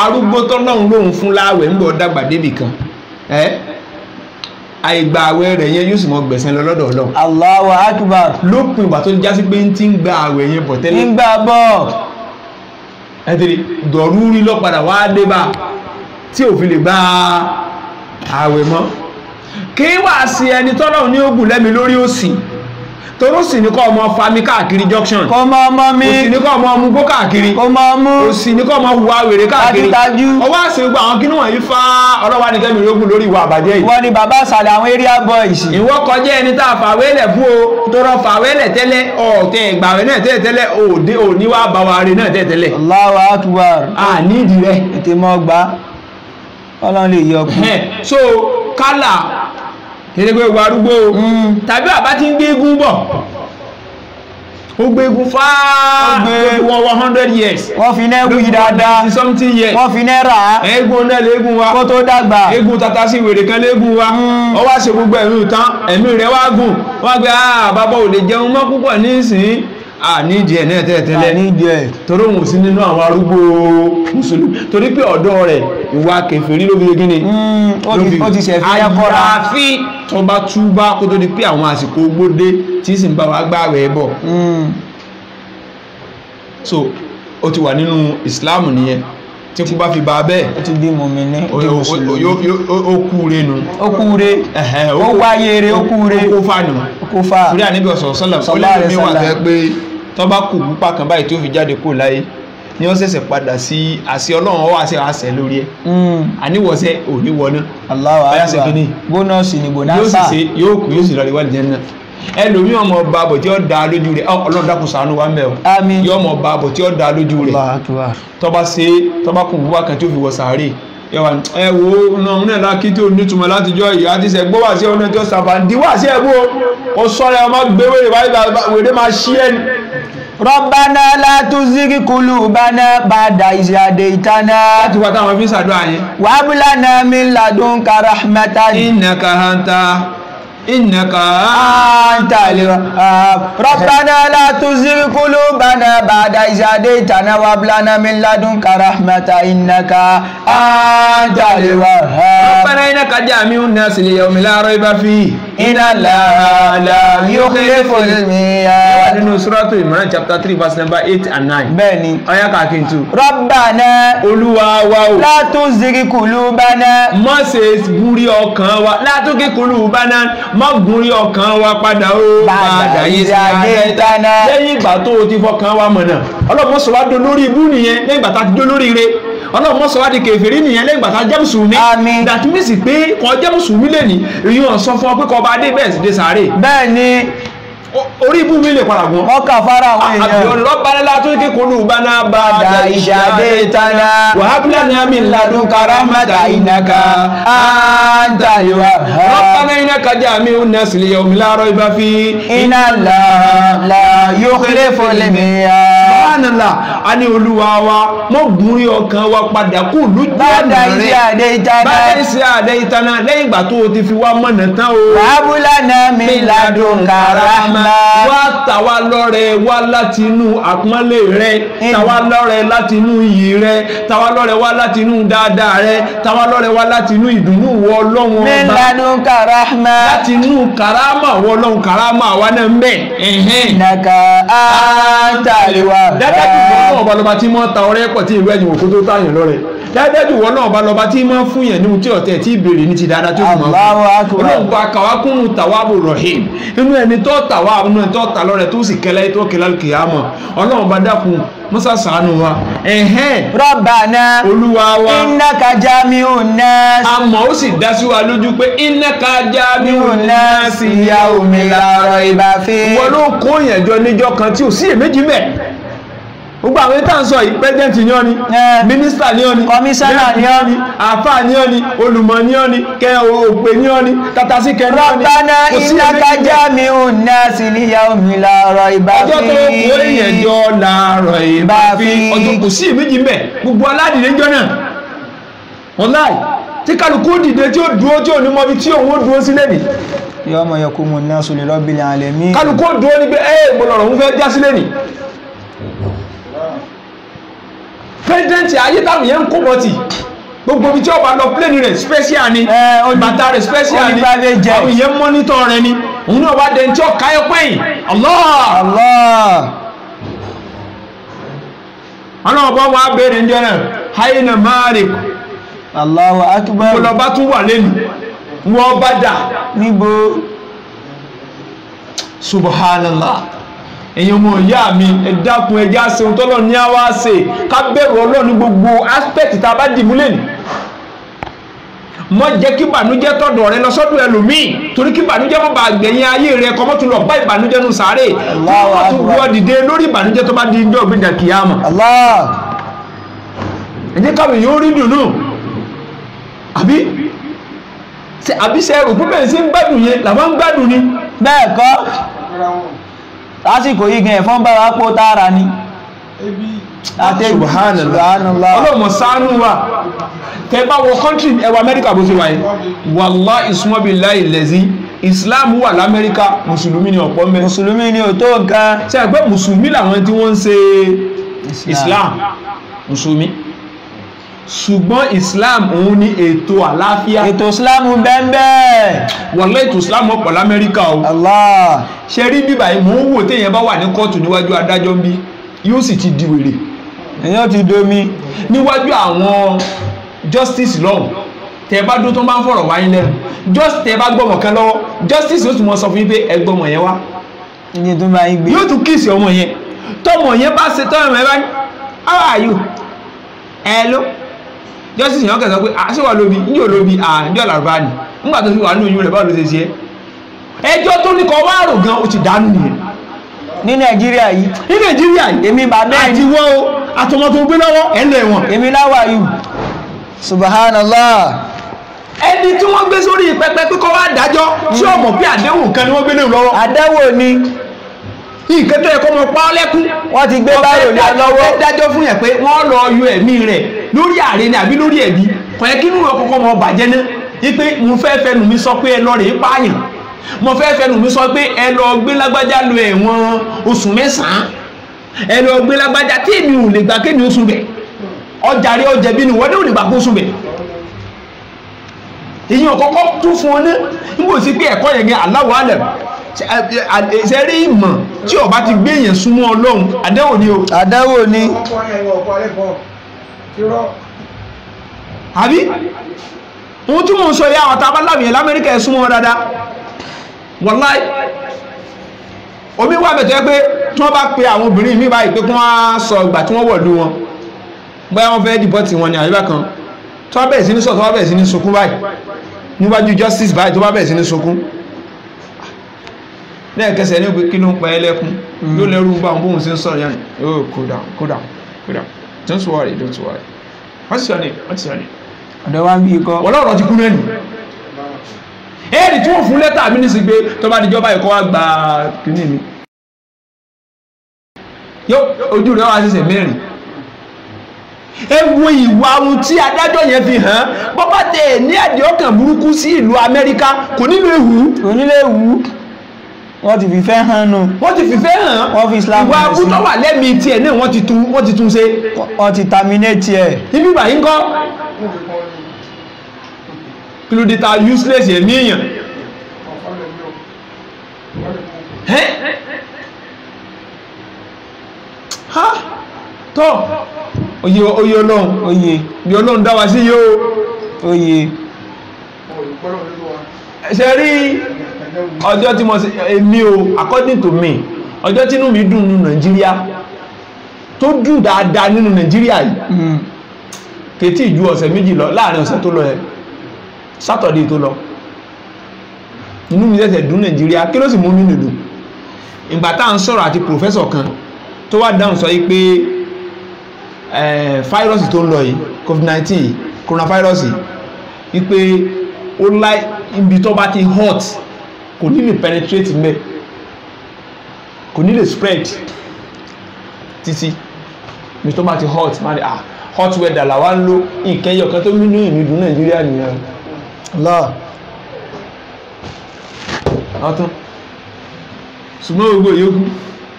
arúgbó tọ́lọ́run fún láàwẹ̀ ń bọ̀ dàgbà débì kan àìgbà àwẹ̀ rẹ̀ yẹn yóò sì mọ gbẹ̀sẹ̀ lọ lọ́dọ̀ Ọlọ́run. Allahu akbar. lópin ìgbà tó jásí pé ń ti ń gba àwẹ̀ yẹn bọ̀ tẹ́lẹ̀. ń gbà bọ̀. ẹ tẹ̀lé dọ̀rúurí lọ́padà wá dé bá tí òfin lè gba àwẹ̀ mọ́. kí wàá sí ẹni tọ́lọ́run ní ogun lẹ́mi lórí òsì. Toro si ní kọ́ ọmọ fami káàkiri junction kọ́ ọmọ ọmọ mi kò sì ní kọ́ ọmọ ọmú gbó káàkiri kọ́ ọmọ ọmú kò sì ní kọ́ ọmọ hùwà wèrè káàkiri ọwọ́ àṣẹ gbogbo àwọn kínú wọ̀nyí fá ọlọ́wà ní kẹ́mi rógùn lórí ìwà àbàjẹ́ yìí. wọ́n ní bàbá àṣàlẹ̀ àwọn area boys. ìwọ kọjá ẹni tá a fàwélẹ̀ fún o tọrọ fàwélẹ̀ tẹ́lẹ̀ ọ̀tẹ̀ ìgbàwé náà tẹ́lẹ̀ tẹ́lẹ̀ òde òní wàá bá wa re náà tẹ́lẹ̀ tẹ́lẹ̀. Allahu akbar. a ní so kálà nílé pé wà arúgbó o mm. tàbí bàbá tí ń gbé eégún bọ̀ ó gbé eégún fáá wọ́n one hundred years wọ́n fi náà wí dáadáa something years wọ́n fi náà rà á eégún náà léegun wa kó tó dàgbà eégún tata sí wèrè kan léegun wa mm. ó wá ṣe gbogbo ẹ̀mí tán ẹ̀mí rẹ̀ wá gùn wọ́n á gbé ah, bàbá ò lè jẹun mọ́ púpọ̀ nísìnyí a ní ìdí ẹ̀ náà tẹ́ẹ̀tẹ́lẹ̀ ní ìdí ẹ̀ torí òun sí nínú àwọn arúgbó mùsùlùmí torí pé ọ̀dọ́ rẹ̀ ìwà kẹfìrí ló fi ṣe gíní hmm, ó ti ṣẹ̀fẹ́ ẹ̀kọ́ra àfi tó bá túbá kó tó di pé àwọn àsìkò gbódé tí sì ń bá wa gbá rẹ̀ bọ̀ hmm. so ó ti wà nínú ìsìláàmù nìyẹn tí kú bá fi bá a bẹ́ẹ̀. ó ti di mùmínì ó di mùsùlùmí. ó kú re nu. ó kú re ó wáyé re ó kú re. ó kó fa nu. ó kó fa. torí àníbi ọ̀sán sọ́lá ó lẹ́yìn mi wà fẹ́ pé tọ́ba kù ni wọ́n ṣẹ̀ṣẹ̀ padà sí àṣẹ ọlọ́run ọwọ́ àṣẹ àṣẹ lórí ẹ̀ hmm. àníwọ̀ṣẹ́ òní wọná. aláwọ̀ àgbà bónọ́ọ̀sì ni bónásà yóò sì ṣe yóò kú yóò sì lọ rí wà náà ẹlòmí ọmọ ọba àbọ̀ tí ó da lójú rẹ̀ ọlọ́run dákun ṣàánú wa mẹ́ o yọ ọmọ ọba àbọ̀ tí ó da lójú rẹ̀ tọ́ba ṣe tọ́ba kùn fún wákàtí ó fi wọ sàárè yọba ẹ wo ọ̀nà ọ̀nà ẹ̀la kí tí o nítumọ̀ láti jọ ìyá àti ìṣẹ̀ gbọ́ wá sí ọ̀nà tí ó sàbà ń di wá sí ẹ̀bú o sọ̀rọ̀ ọmọ gbé wèrè báyìí wèrè máa ṣí ẹni. rọ́bánà látúnzírí kùlù bánà bàdà ìṣàdé ìtaná. láti wá táwọn fi ń ṣàdúrà yẹn. wàá búlánà mi ládùn kàràmẹ́tà. ìnàkà hàn ta innaka antal rabbana la tuzigh qulubana ba'da idh hadaytana wa hab lana min ladunka rahmatan innaka antal wahhab rabbana innaka jami'un nas li yawmin la rayba fihi inna allaha la Al mi'ad nínú suratu imran chapter three verse number eight and nine bẹ́ẹ̀ni ọyá kàkín tu rabbana olúwa wa o la tuzigh qulubana má ṣe gúrí ọkàn wa la tuzigh qulubana má gúnrí ọkàn wa padà ó padà yé sí àdẹ́tàná lẹ́yìn ìgbà tó o ti fọkàn wa mọ̀nà ọlọ́run mọ́sọ̀ wá dún lórí ibú nìyẹn lẹ́yìn ìgbà tá a ti dún lórí ire ọlọ́run mọ́sọ̀ di kèfèrí nìyẹn lẹ́yìn ìgbà tá a jẹ́ mùsùlùmí that means pé kò jẹ́ mùsùlùmí lẹ́ni èyí ò sọ fún ọ pé kò bá dé bẹ́ẹ̀ sì dé sàárè. bẹ́ẹ̀ orí ibú mi lè padà gùn. wọ́n kà fara àwọn èèyàn. àbíọ̀n lọ́balẹ́lá tó ké kó lùú báná bá da ìṣàdé tánà. wàhábílà ní àmì ladùn karamata ìnaka. àǹtà ìwà. rọ́bàná iná kájà mi ò omi láàárọ̀ ibà fi. iná la la yóò kéré fọlẹ̀ mi ya. subhanallah a ní olúwa wa mọ gùnrí ọkàn wa padà kó lójú ọ̀nà rẹ̀. bá da ìṣàdé tánà. bá da ìṣàdé tánà lẹ́yìn ìgbà tó o ti fi wá mọ̀nà tán o. wàhábílà ní àmì ladùn karamata wá tàwa lọ́rẹ wá láti inú àpọ́nlé rẹ tàwa lọ́rẹ láti inú iyì rẹ tàwa lọ́rẹ wá láti inú dáadáa rẹ tàwa lọ́rẹ wá láti inú ìdùnnú wọ ọlọ́run ọba mílánú karama láti inú karama wọ ọlọ́run karama wa náà ń bẹ. nàkà á tàlíwà. dáadáa ti gbọ́dọ̀ ọba lọ́ba tí wọ́n ta ọrẹ́ pọ̀ tí ìlú ẹ̀yìn òkú tó tààyàn lọ́rẹ dájájú wọn náà bá lọba tí máa fún yẹn ní ohun tí ọ̀tẹ̀ tí ìbéèrè ní ti dáadáa tó fún wa fún ọlọ́run bá kàwákùnrin tàwábù inú ẹni tó tàwa inú ẹni tó tà lọ́rẹ̀ tó sì kẹlẹ́ tó kẹlẹ́ kìyàmọ̀ ọlọ́run bá dákun musa ṣàánú wa. rọ́bànà olúwa wa innaka jami'un nas. àmọ́ ó sì dá sí wa lójú pé innaka jami'un nas. ìyá omi làárọ̀ ìbàfẹ́. wọn ló kó yẹn jọ níjọ́ kan tí ò sí èméjì mẹ́ẹ̀ gbogbo àwọn ètò àǹsọ yìí president ni ó ni minister ni ó ni commissioner ni ó ni àfà ni ó ni olùmọ̀ ni ó ni kẹ òpè ni ó ni tatasi kẹ ni ó ni rọ́bánà ìdákájá mi ò ní àsìlíyà omi làárọ̀ ìbá fi ọjọ́ tó kó èèyàn jọ làárọ̀ ìbá fi ọjọ́ kò sí ìméjì ń bẹ gbogbo aládìrí jọ náà wọláì tí kálukú dìde tí ó dúró tí ò ní mọbi tí òun ó dúró sílẹ̀ nì yọmọ yẹ kó mo ní àsìlíyà omi làárọ̀ ìbá kálukú dúró ní pé ẹ mo lọ̀rọ̀ ń fẹ́ já sílẹ̀ Pendant ayé táwọn yẹn ń kó bọ́ tì gbogbo ibi tí ọba lọ pléènì rẹ̀ special ni bàtà rẹ̀ special ni àwọn yẹn mọ́nítọ̀ rẹ̀ ni òun náà wá dẹni tí ọ̀ka ẹ̀ pẹ́yìn Allah Allah àwọn ọ̀bọ̀ wa á béèrè ǹjẹ́ náà haina Malik Allahu akbar ọlọ́ba tún wà lẹ́nu wọ́n bá dà níbo subhanallah ẹ̀yin ọmọ ìyá mi ẹ dákun ẹja ṣeun tọ́lọ̀ ní àwa ṣe ká bẹ̀rù ọlọ́run gbogbo aspect tá a bá dìbò lẹ́nu mọ jẹ́ kí ìbànújẹ́ tọ̀dọ̀ rẹ lọ sọ́dọ̀ ẹlòmíì torí kí ìbànújẹ́ mọ bá gbẹ̀yìn ayé rẹ kọmọ tún lọ bá ìbànújẹ́ nù sáré kí wọn tún wọ dìde lórí ìbànújẹ́ tó bá di ìjọ gbẹdẹ kìyàmù. ẹ jẹ́ káwọn èèyàn rí dùnú àbí àbí sẹ rò pé bẹ́ẹ̀ sí ń gbádùn yẹn làwọn ń gbádùn ni. bẹ́ẹ̀ kọ́ lásìkò yìí gan ẹ̀fọn bá wa pò tààrà ni subhanallah ọlọ́mọ sánú wa tẹ bá wọ kọ́ntì ẹwà amẹ́ríkà bó ṣe wáyé wàlá ìsúnmọ́bìlá ìlẹ̀zí islam wà lamẹ́ríkà mùsùlùmí ni ọ̀pọ̀ mẹ́ mùsùlùmí ni ò tó nǹkan ṣe àgbẹ̀ mùsùlùmí làwọn tí wọ́n ń ṣe islam mùsùlùmí ṣùgbọ́n islam òun ni ètò àlàáfíà. ètò islam bẹ́ẹ̀ wọlé ètò islam ọ̀pọ̀ lamẹ́ríkà o. Allah. ṣe rí bíbá yìí mò ń wò téèyàn bá wà ní kóòtù níwájú adájọ́ ń bí yóò sì ti di wèrè. èèyàn ti domi. níwájú àwọn justice lọ́hùn tẹ bá dún tó bá ń fọ̀rọ̀ wáyé lẹ́nu just tẹ bá gbọ́mọ kan lọ́wọ́ justice yóò tún mọ sọ fún yín pé ẹ gbọ́mọ yẹn wá. iye tó bá yín gbé. yóò tún kíìsì ọmọ yẹn tọmọ yẹn bá ṣe tọmọ yẹn bá ní how are you? hello justice yẹn wọ́n kẹsàn pé àṣẹ wà lóbi ní olóbi àjọ làrúbá ni nígbà tó fi wà nínú oyún rẹ̀ báwo ló ṣe ṣe ẹjọ́ tó ní kọ́ wá rò gan o ti dánú nìyẹn. ní nàìjíríà yìí ní nàìjíríà yìí èmi bàbá ẹni àtiwọ́ àtọmọ tó gbé lọ́wọ́ ẹ̀ ń lọ ẹ̀wọ̀n. èmi láwà yù subhanallah ẹni tí wọ́n gbé sórí pẹpẹ pé kọ́ wá dájọ́ tí ọmọ bí àdéhùn kan ni wọ́n gbé lóun lọ́wọ́. àdéhùn ni nǹkan tẹ́ ẹ̀kọ́ mọ pa ọ́ lẹ́kún wọ́n ti gbé báyìí ní ọlọ́wọ́ wọ́n dájọ́ fún yẹn pé wọ́n lọ yọ ẹ̀mí rẹ̀ lórí ààrẹ ni àbí lórí ẹ̀bí kò yẹ kí nínú ọkọ̀ọ̀kọ̀ mọ bàjẹ́ náà wípé mo fẹ́ fẹnu mi sọ pé ẹ lọ rèé pààyàn mo fẹ́ fẹnu mi sọ pé ẹ lọ gbé lágbájá lọ ẹ̀wọ̀n oṣù mẹ́sàn-án ẹ lọ gbé lágbájá tí èmi ò lè gbà kémi oṣù bẹ̀ ọjà rí ọjà bí ni wọ́n ní ò gbà kó oṣù bẹ̀ ṣe rí ìmọ̀ tí ó bá ti gbé èèyàn súnmọ́ ọlọ́run àdáwò ni o. àdáwò ni. àbí ohun tí mò ń sọ yá àwọn tábà lábìyàn lamẹ́ríkà ẹ̀ súnmọ́ dáadáa wàláì omi wà bẹ̀ tó yẹ pé tí wọ́n bá pe àwọn obìnrin mi báyìí pé kí wọ́n á sọ ìgbà tí wọ́n wọ̀lú wọn bóyá wọ́n fẹ́ dìbọ́tì wọn ni àyíká kan tó bá bẹ̀rẹ̀ sí ní sọ tó bá bẹ̀rẹ̀ sí ní sunkún báyìí níwájú justice báyìí tó bá bẹ̀rẹ̀ sí ní sunkún lẹ́ẹ̀kẹsẹ̀ ní òpin kí ló ń pa ẹlẹ́kún ló mm. lẹ́rú bá òun bóun ṣe ń sọ̀rọ̀ yẹn oh cool down cool down cool down don't worry don't worry what's your name what's your name. ọ̀dọ̀ wa ń bí ikọ́. wọ́n lọ́rọ̀ ti kú lẹ́nu ẹ̀ẹ́dì tí wọ́n fún lẹ́tà mi ní sí pé tó bá dijọba ẹ̀kọ́ wa gba kínní mi yóò ojú rẹ̀ wá ṣẹ̀ṣẹ̀ mẹ́rin ewu ìwà ohun tí adájọ́ yẹn fi hàn bọ́pàtẹ́ ní àdìọ́kàn burúkú sí ìlú Amẹ́ríkà kò nílò ewu kò nílò ewu wọ́n ti fìfẹ́ hàn nù. wọ́n ti fìfẹ́ hàn. wọ́n fi islam hàn sí. ìwà abúlọ́ wà lẹ́mìí tiẹ̀ náà wọ́n ti tún wọ́n ti tún ṣe. wọ́n ti terminate tiẹ̀. ibi ìgbà yín kọ́. kí ló dé ta useless yẹn ní èèyàn. ha tọ́ oyè oyè ọlọ́run oyè bí ọlọ́run dá wa sí yìí o oyè. ṣe rí ọjọ́ tí mo ṣe èmi o according to me ọjọ́ tí inú mi dùn nínú nàìjíríà tó dùn dáadáa nínú nàìjíríà yìí hmm. kètì ju ọ̀sẹ̀ méjì lọ láàrin ọ̀sẹ̀ tó lọ yẹ sátọ̀dé tó lọ inú mi ṣẹ̀ṣẹ̀ dùn nàìjíríà kí ló sì mú mi nìlú ìgbà tá ń sọ̀rọ̀ àti pòfẹ́sọ̀ kan tó wá dáhùn sọ yìí pé fáírọ́ọ̀sì tó ń lọ yìí covid-19 coronavirus yìí pé ó láì ibi tó bá ti hot kò ní lè penetrate mẹ́ kò ní lè spread títí mi tó bá ti hot má di ah hot weather làwa ń lo ìkẹyọ kan tó nínú ìlú nàìjíríà nìyẹn lọ ọtán ṣùgbọ́n gbogbo yòókù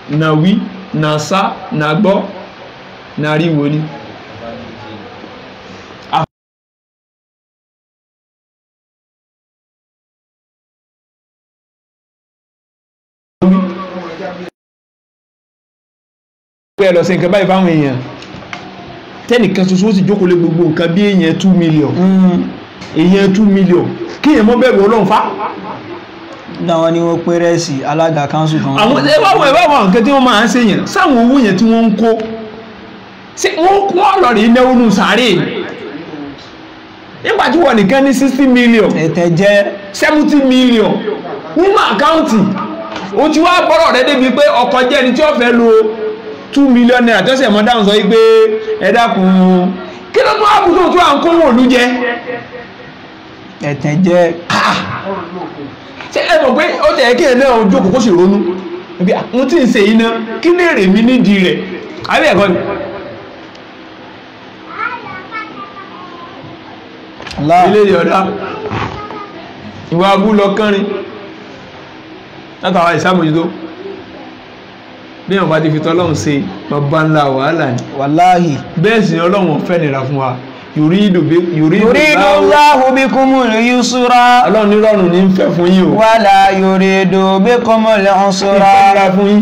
nà wí nà sá nà gbọ́ nà rí wòlíì. pé ẹ lọ sí nǹkan báyìí fáwọn èèyàn tẹ́nìkan ṣoṣo ó sì jókòó lé gbogbo nǹkan bí èèyàn two million hmm. èèyàn two million kí èèyàn mọ bẹ̀rù ọlọ́run fa. láwọn ni wọ́n pé rẹ́ẹ̀sì alága kanṣu kan. àwọn ẹ bá wọ ẹ bá wọ àwọn nǹkan tí wọ́n máa ń ṣe yẹn sáwọn owó yẹn tí wọ́n ń kó ṣé wọ́n wọ́n lọ rí náwó nù sáré nígbà tí wọ́n nìkan ní sixty million. ètè jẹ́ seventy million wúmọ̀ àkáǹtì o ti wá gbọ́rọ̀ rẹ débi pé ọkọ̀ jẹ́ ẹni tí ó fẹ́ lo two million naira tó sẹ̀ mọ́ dáhùn sọ wípé ẹ dákun kí ló tún wá kú tóun tún à ń kó wọn òlu jẹ ẹ̀tẹ̀ jẹ́ ah! ṣé ẹ mọ̀ pé ó tẹ̀ kí ẹ náà jókòó kó sì ronú mo ti ń ṣe yìí náà kí lè rè mí nídìí rẹ̀ àbí ẹ̀kọ́ ni. ilé ìyọ̀dá ìwà abúlọ kánrin látàwọn ìsàmójútó bí wọn bá ti fi tọ́lọ́run ṣe bàbá ńlá wàhálà ni. wàláhì. bẹ́ẹ̀ sì ni ọlọ́run fẹ́ nira fún wa yùrídù láhù bí kúmùlù yusura. ọlọ́run nírọ̀rùn ní ń fẹ́ fún yín o. wàlá yùrídù bí kúmùlù usura. ìfẹ́ nira fún yín.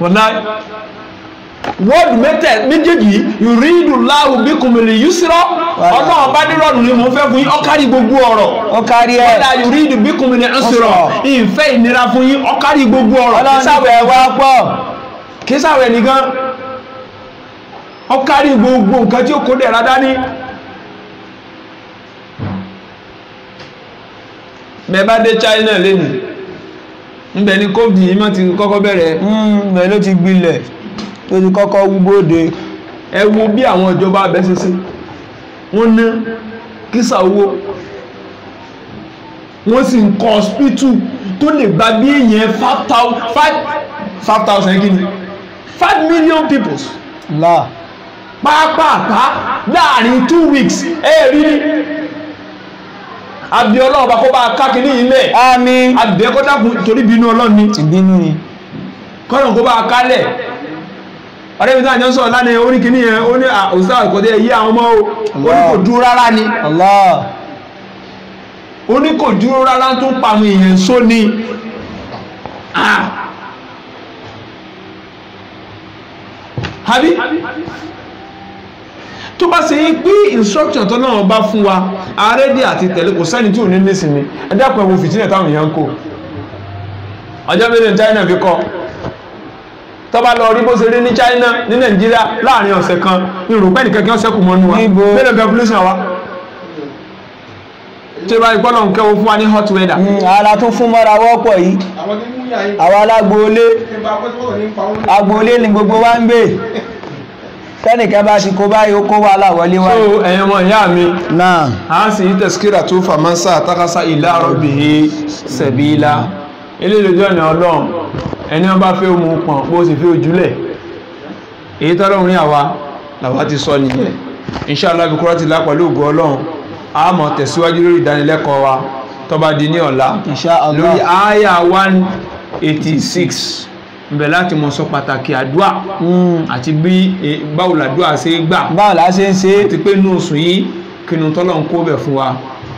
wàláhì. wọ́ọ̀dù méjèèjì ìrìndù láwù bí kùmìlì yìí sírọ́ ọlọ́run ọba ní ni mò fẹ fẹ́ fún yín gbogbo ọ̀rọ̀ ọ̀kárí ẹ̀ wọ́dà ìrìndù bí kùmìlì ń sírọ̀ ìfẹ́ ìnira fún yín gbogbo ọrọ kísàwẹ̀ wá pọ̀ kísàwẹ̀ nìkan ọ̀kárí gbogbo nǹkan tí ó kó dẹ̀ rádá ní. dé China ni yìí má ti kọ́kọ́ bẹ̀rẹ̀ ńbẹ hmm, ló ti tó ti kọ́kọ́ wúbóde ẹ wo bí àwọn ìjọba abẹ ṣeṣe wọ́n ná kísà owó wọ́n sì ń kọ́ hospital tó lè gba bí èèyàn five thousand kí ni five million people pápápá láàrin two weeks ẹ̀ẹ́rí ni àbí ọlọ́run bá kó bá kákiri ilẹ̀ àmín àbí ẹ̀kọ́ dákun torí bínú ọlọ́run ni kọ́nà kó bá kálẹ̀ ọ̀rẹ́ mi tó àjọ sọ̀rọ̀ lánàá orí kìíní ó ní òṣìṣẹ́ àkọ́dé yí àwọn ọmọ o ó ní kò dúró rárá ni ó ní kò dúró rárá tó pa àwọn èèyàn só ni àbí tó bá ṣe pé instruction tó náà bá fún wa àrédè àti tẹ̀lé kò sẹ́ni tí ò ní nísìnyí ẹ dákun ẹ wo fìtínà táwọn èèyàn ń kó ọjọ́ mélòó China fi kọ́ tó bá lọ rí bó ṣe rí ní China ní Nàìjíríà láàrin ọ̀sẹ̀ kan ìrùpẹ́ nìkan kí wọ́n ṣẹ́kù mọ́nú wa bẹ́ẹ̀ lọ́ọ́ population wa tí bá ìpọ́nà ń kẹ́wọ́ fún wa ní hot weather. ara hmm, tó fún mọ́ra wọ́pọ̀ yìí àwọn alágboolé agboolé ni gbogbo wa ń gbé tẹ́nìkan bá ṣe kó báyìí ó kó wà láwọlé wa. so ẹ̀yin ọmọ ìyá mi a sì yí tẹ̀síkìrà tó fàmánsá takasa ìlà àròbìnrin sẹ̀bíìlà eléyìí lójú ọ̀nà ọlọ́run ẹni wọn bá fẹ́ mú pọ̀n bó sì fẹ́ ojúlẹ̀ èyí tọ́lọ́run ní àwa làwa ti sọ nìyẹn inshallah bí kúrọ́tì lá pẹ̀lú ògo ọlọ́run a máa tẹ̀síwájú lórí ìdánilẹ́kọ̀ọ́ wa tó bá di ní ọ̀la lórí àyà one eighty six nbẹ láti mọ sọ pàtàkì àdúà hmm. àti bí e, báwo làdúà ṣe gbà báwo la ṣe ń ṣe é ti pé inú oṣù yìí kinu tọ́lọ̀ ń kó bẹ̀ fún wa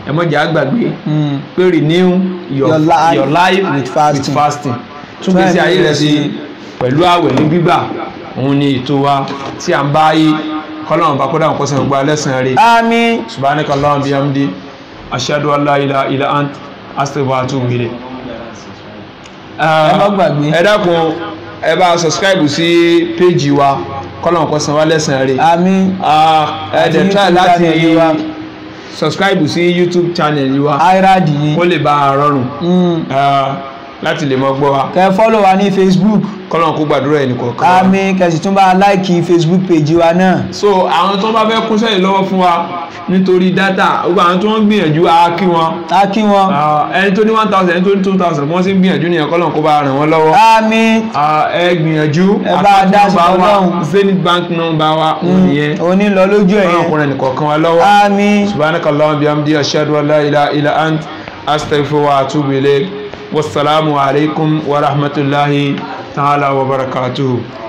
ẹ mọ́jà àgbàgbé hmm. pé renew your, your life, your life with fasting. With fasting tún gbèsè ayé rẹ̀ sí pẹ̀lú àwẹ̀ ní gbígbà òun ni ètò wa tí à ń bá yí kọ́lọ́run bá kódà nǹkan sẹ́yìn gba lẹ́sìn rẹ̀ àmín subhanaka Allahumma bihamdi ashhadu an la ilaha ant astaghfiruka wa atubu ẹ dákun ẹ bá subscribe sí péjì wa kọ́lọ́run kó san wá lẹ́sìn rẹ̀ àmín ẹ dẹ̀ try láti subscribe sí YouTube channel wa kó lè bá a rọrùn. Mm láti lè mọ gbọ́ wa. kẹ fọ́lọ̀ wa ní facebook. kọ́lọ́n kó gbàdúrà ẹnì kọ̀ọ̀kan. àmín kẹsì tún bá a láìkì facebook page wa náà. so àwọn tó bá fẹ́ kún sẹ́yìn lọ́wọ́ fún wa nítorí dátà gbogbo àwọn tó ń gbìyànjú a kí wọn. a kí wọn. ẹni tó ní one thousand ẹni tó ní two thousand wọ́n sì ń gbìyànjú nìyẹn kọ́lọ́n kó bá a ràn wọ́n lọ́wọ́. àmín. ẹ gbìyànjú àkáǹtì wa zenith bank number wa mm. ònìyẹn. òní lọ lójú ẹ̀yẹ. kọ́lọ́n kó ràn nìkọ̀ọ̀kan wa lọ́wọ́. àmín. subhanakallahumma bihamdika ashhadu an la ilaha illa ant astaghfiruka wa atubu ilayk. والسلام عليكم ورحمة الله تعالى وبركاته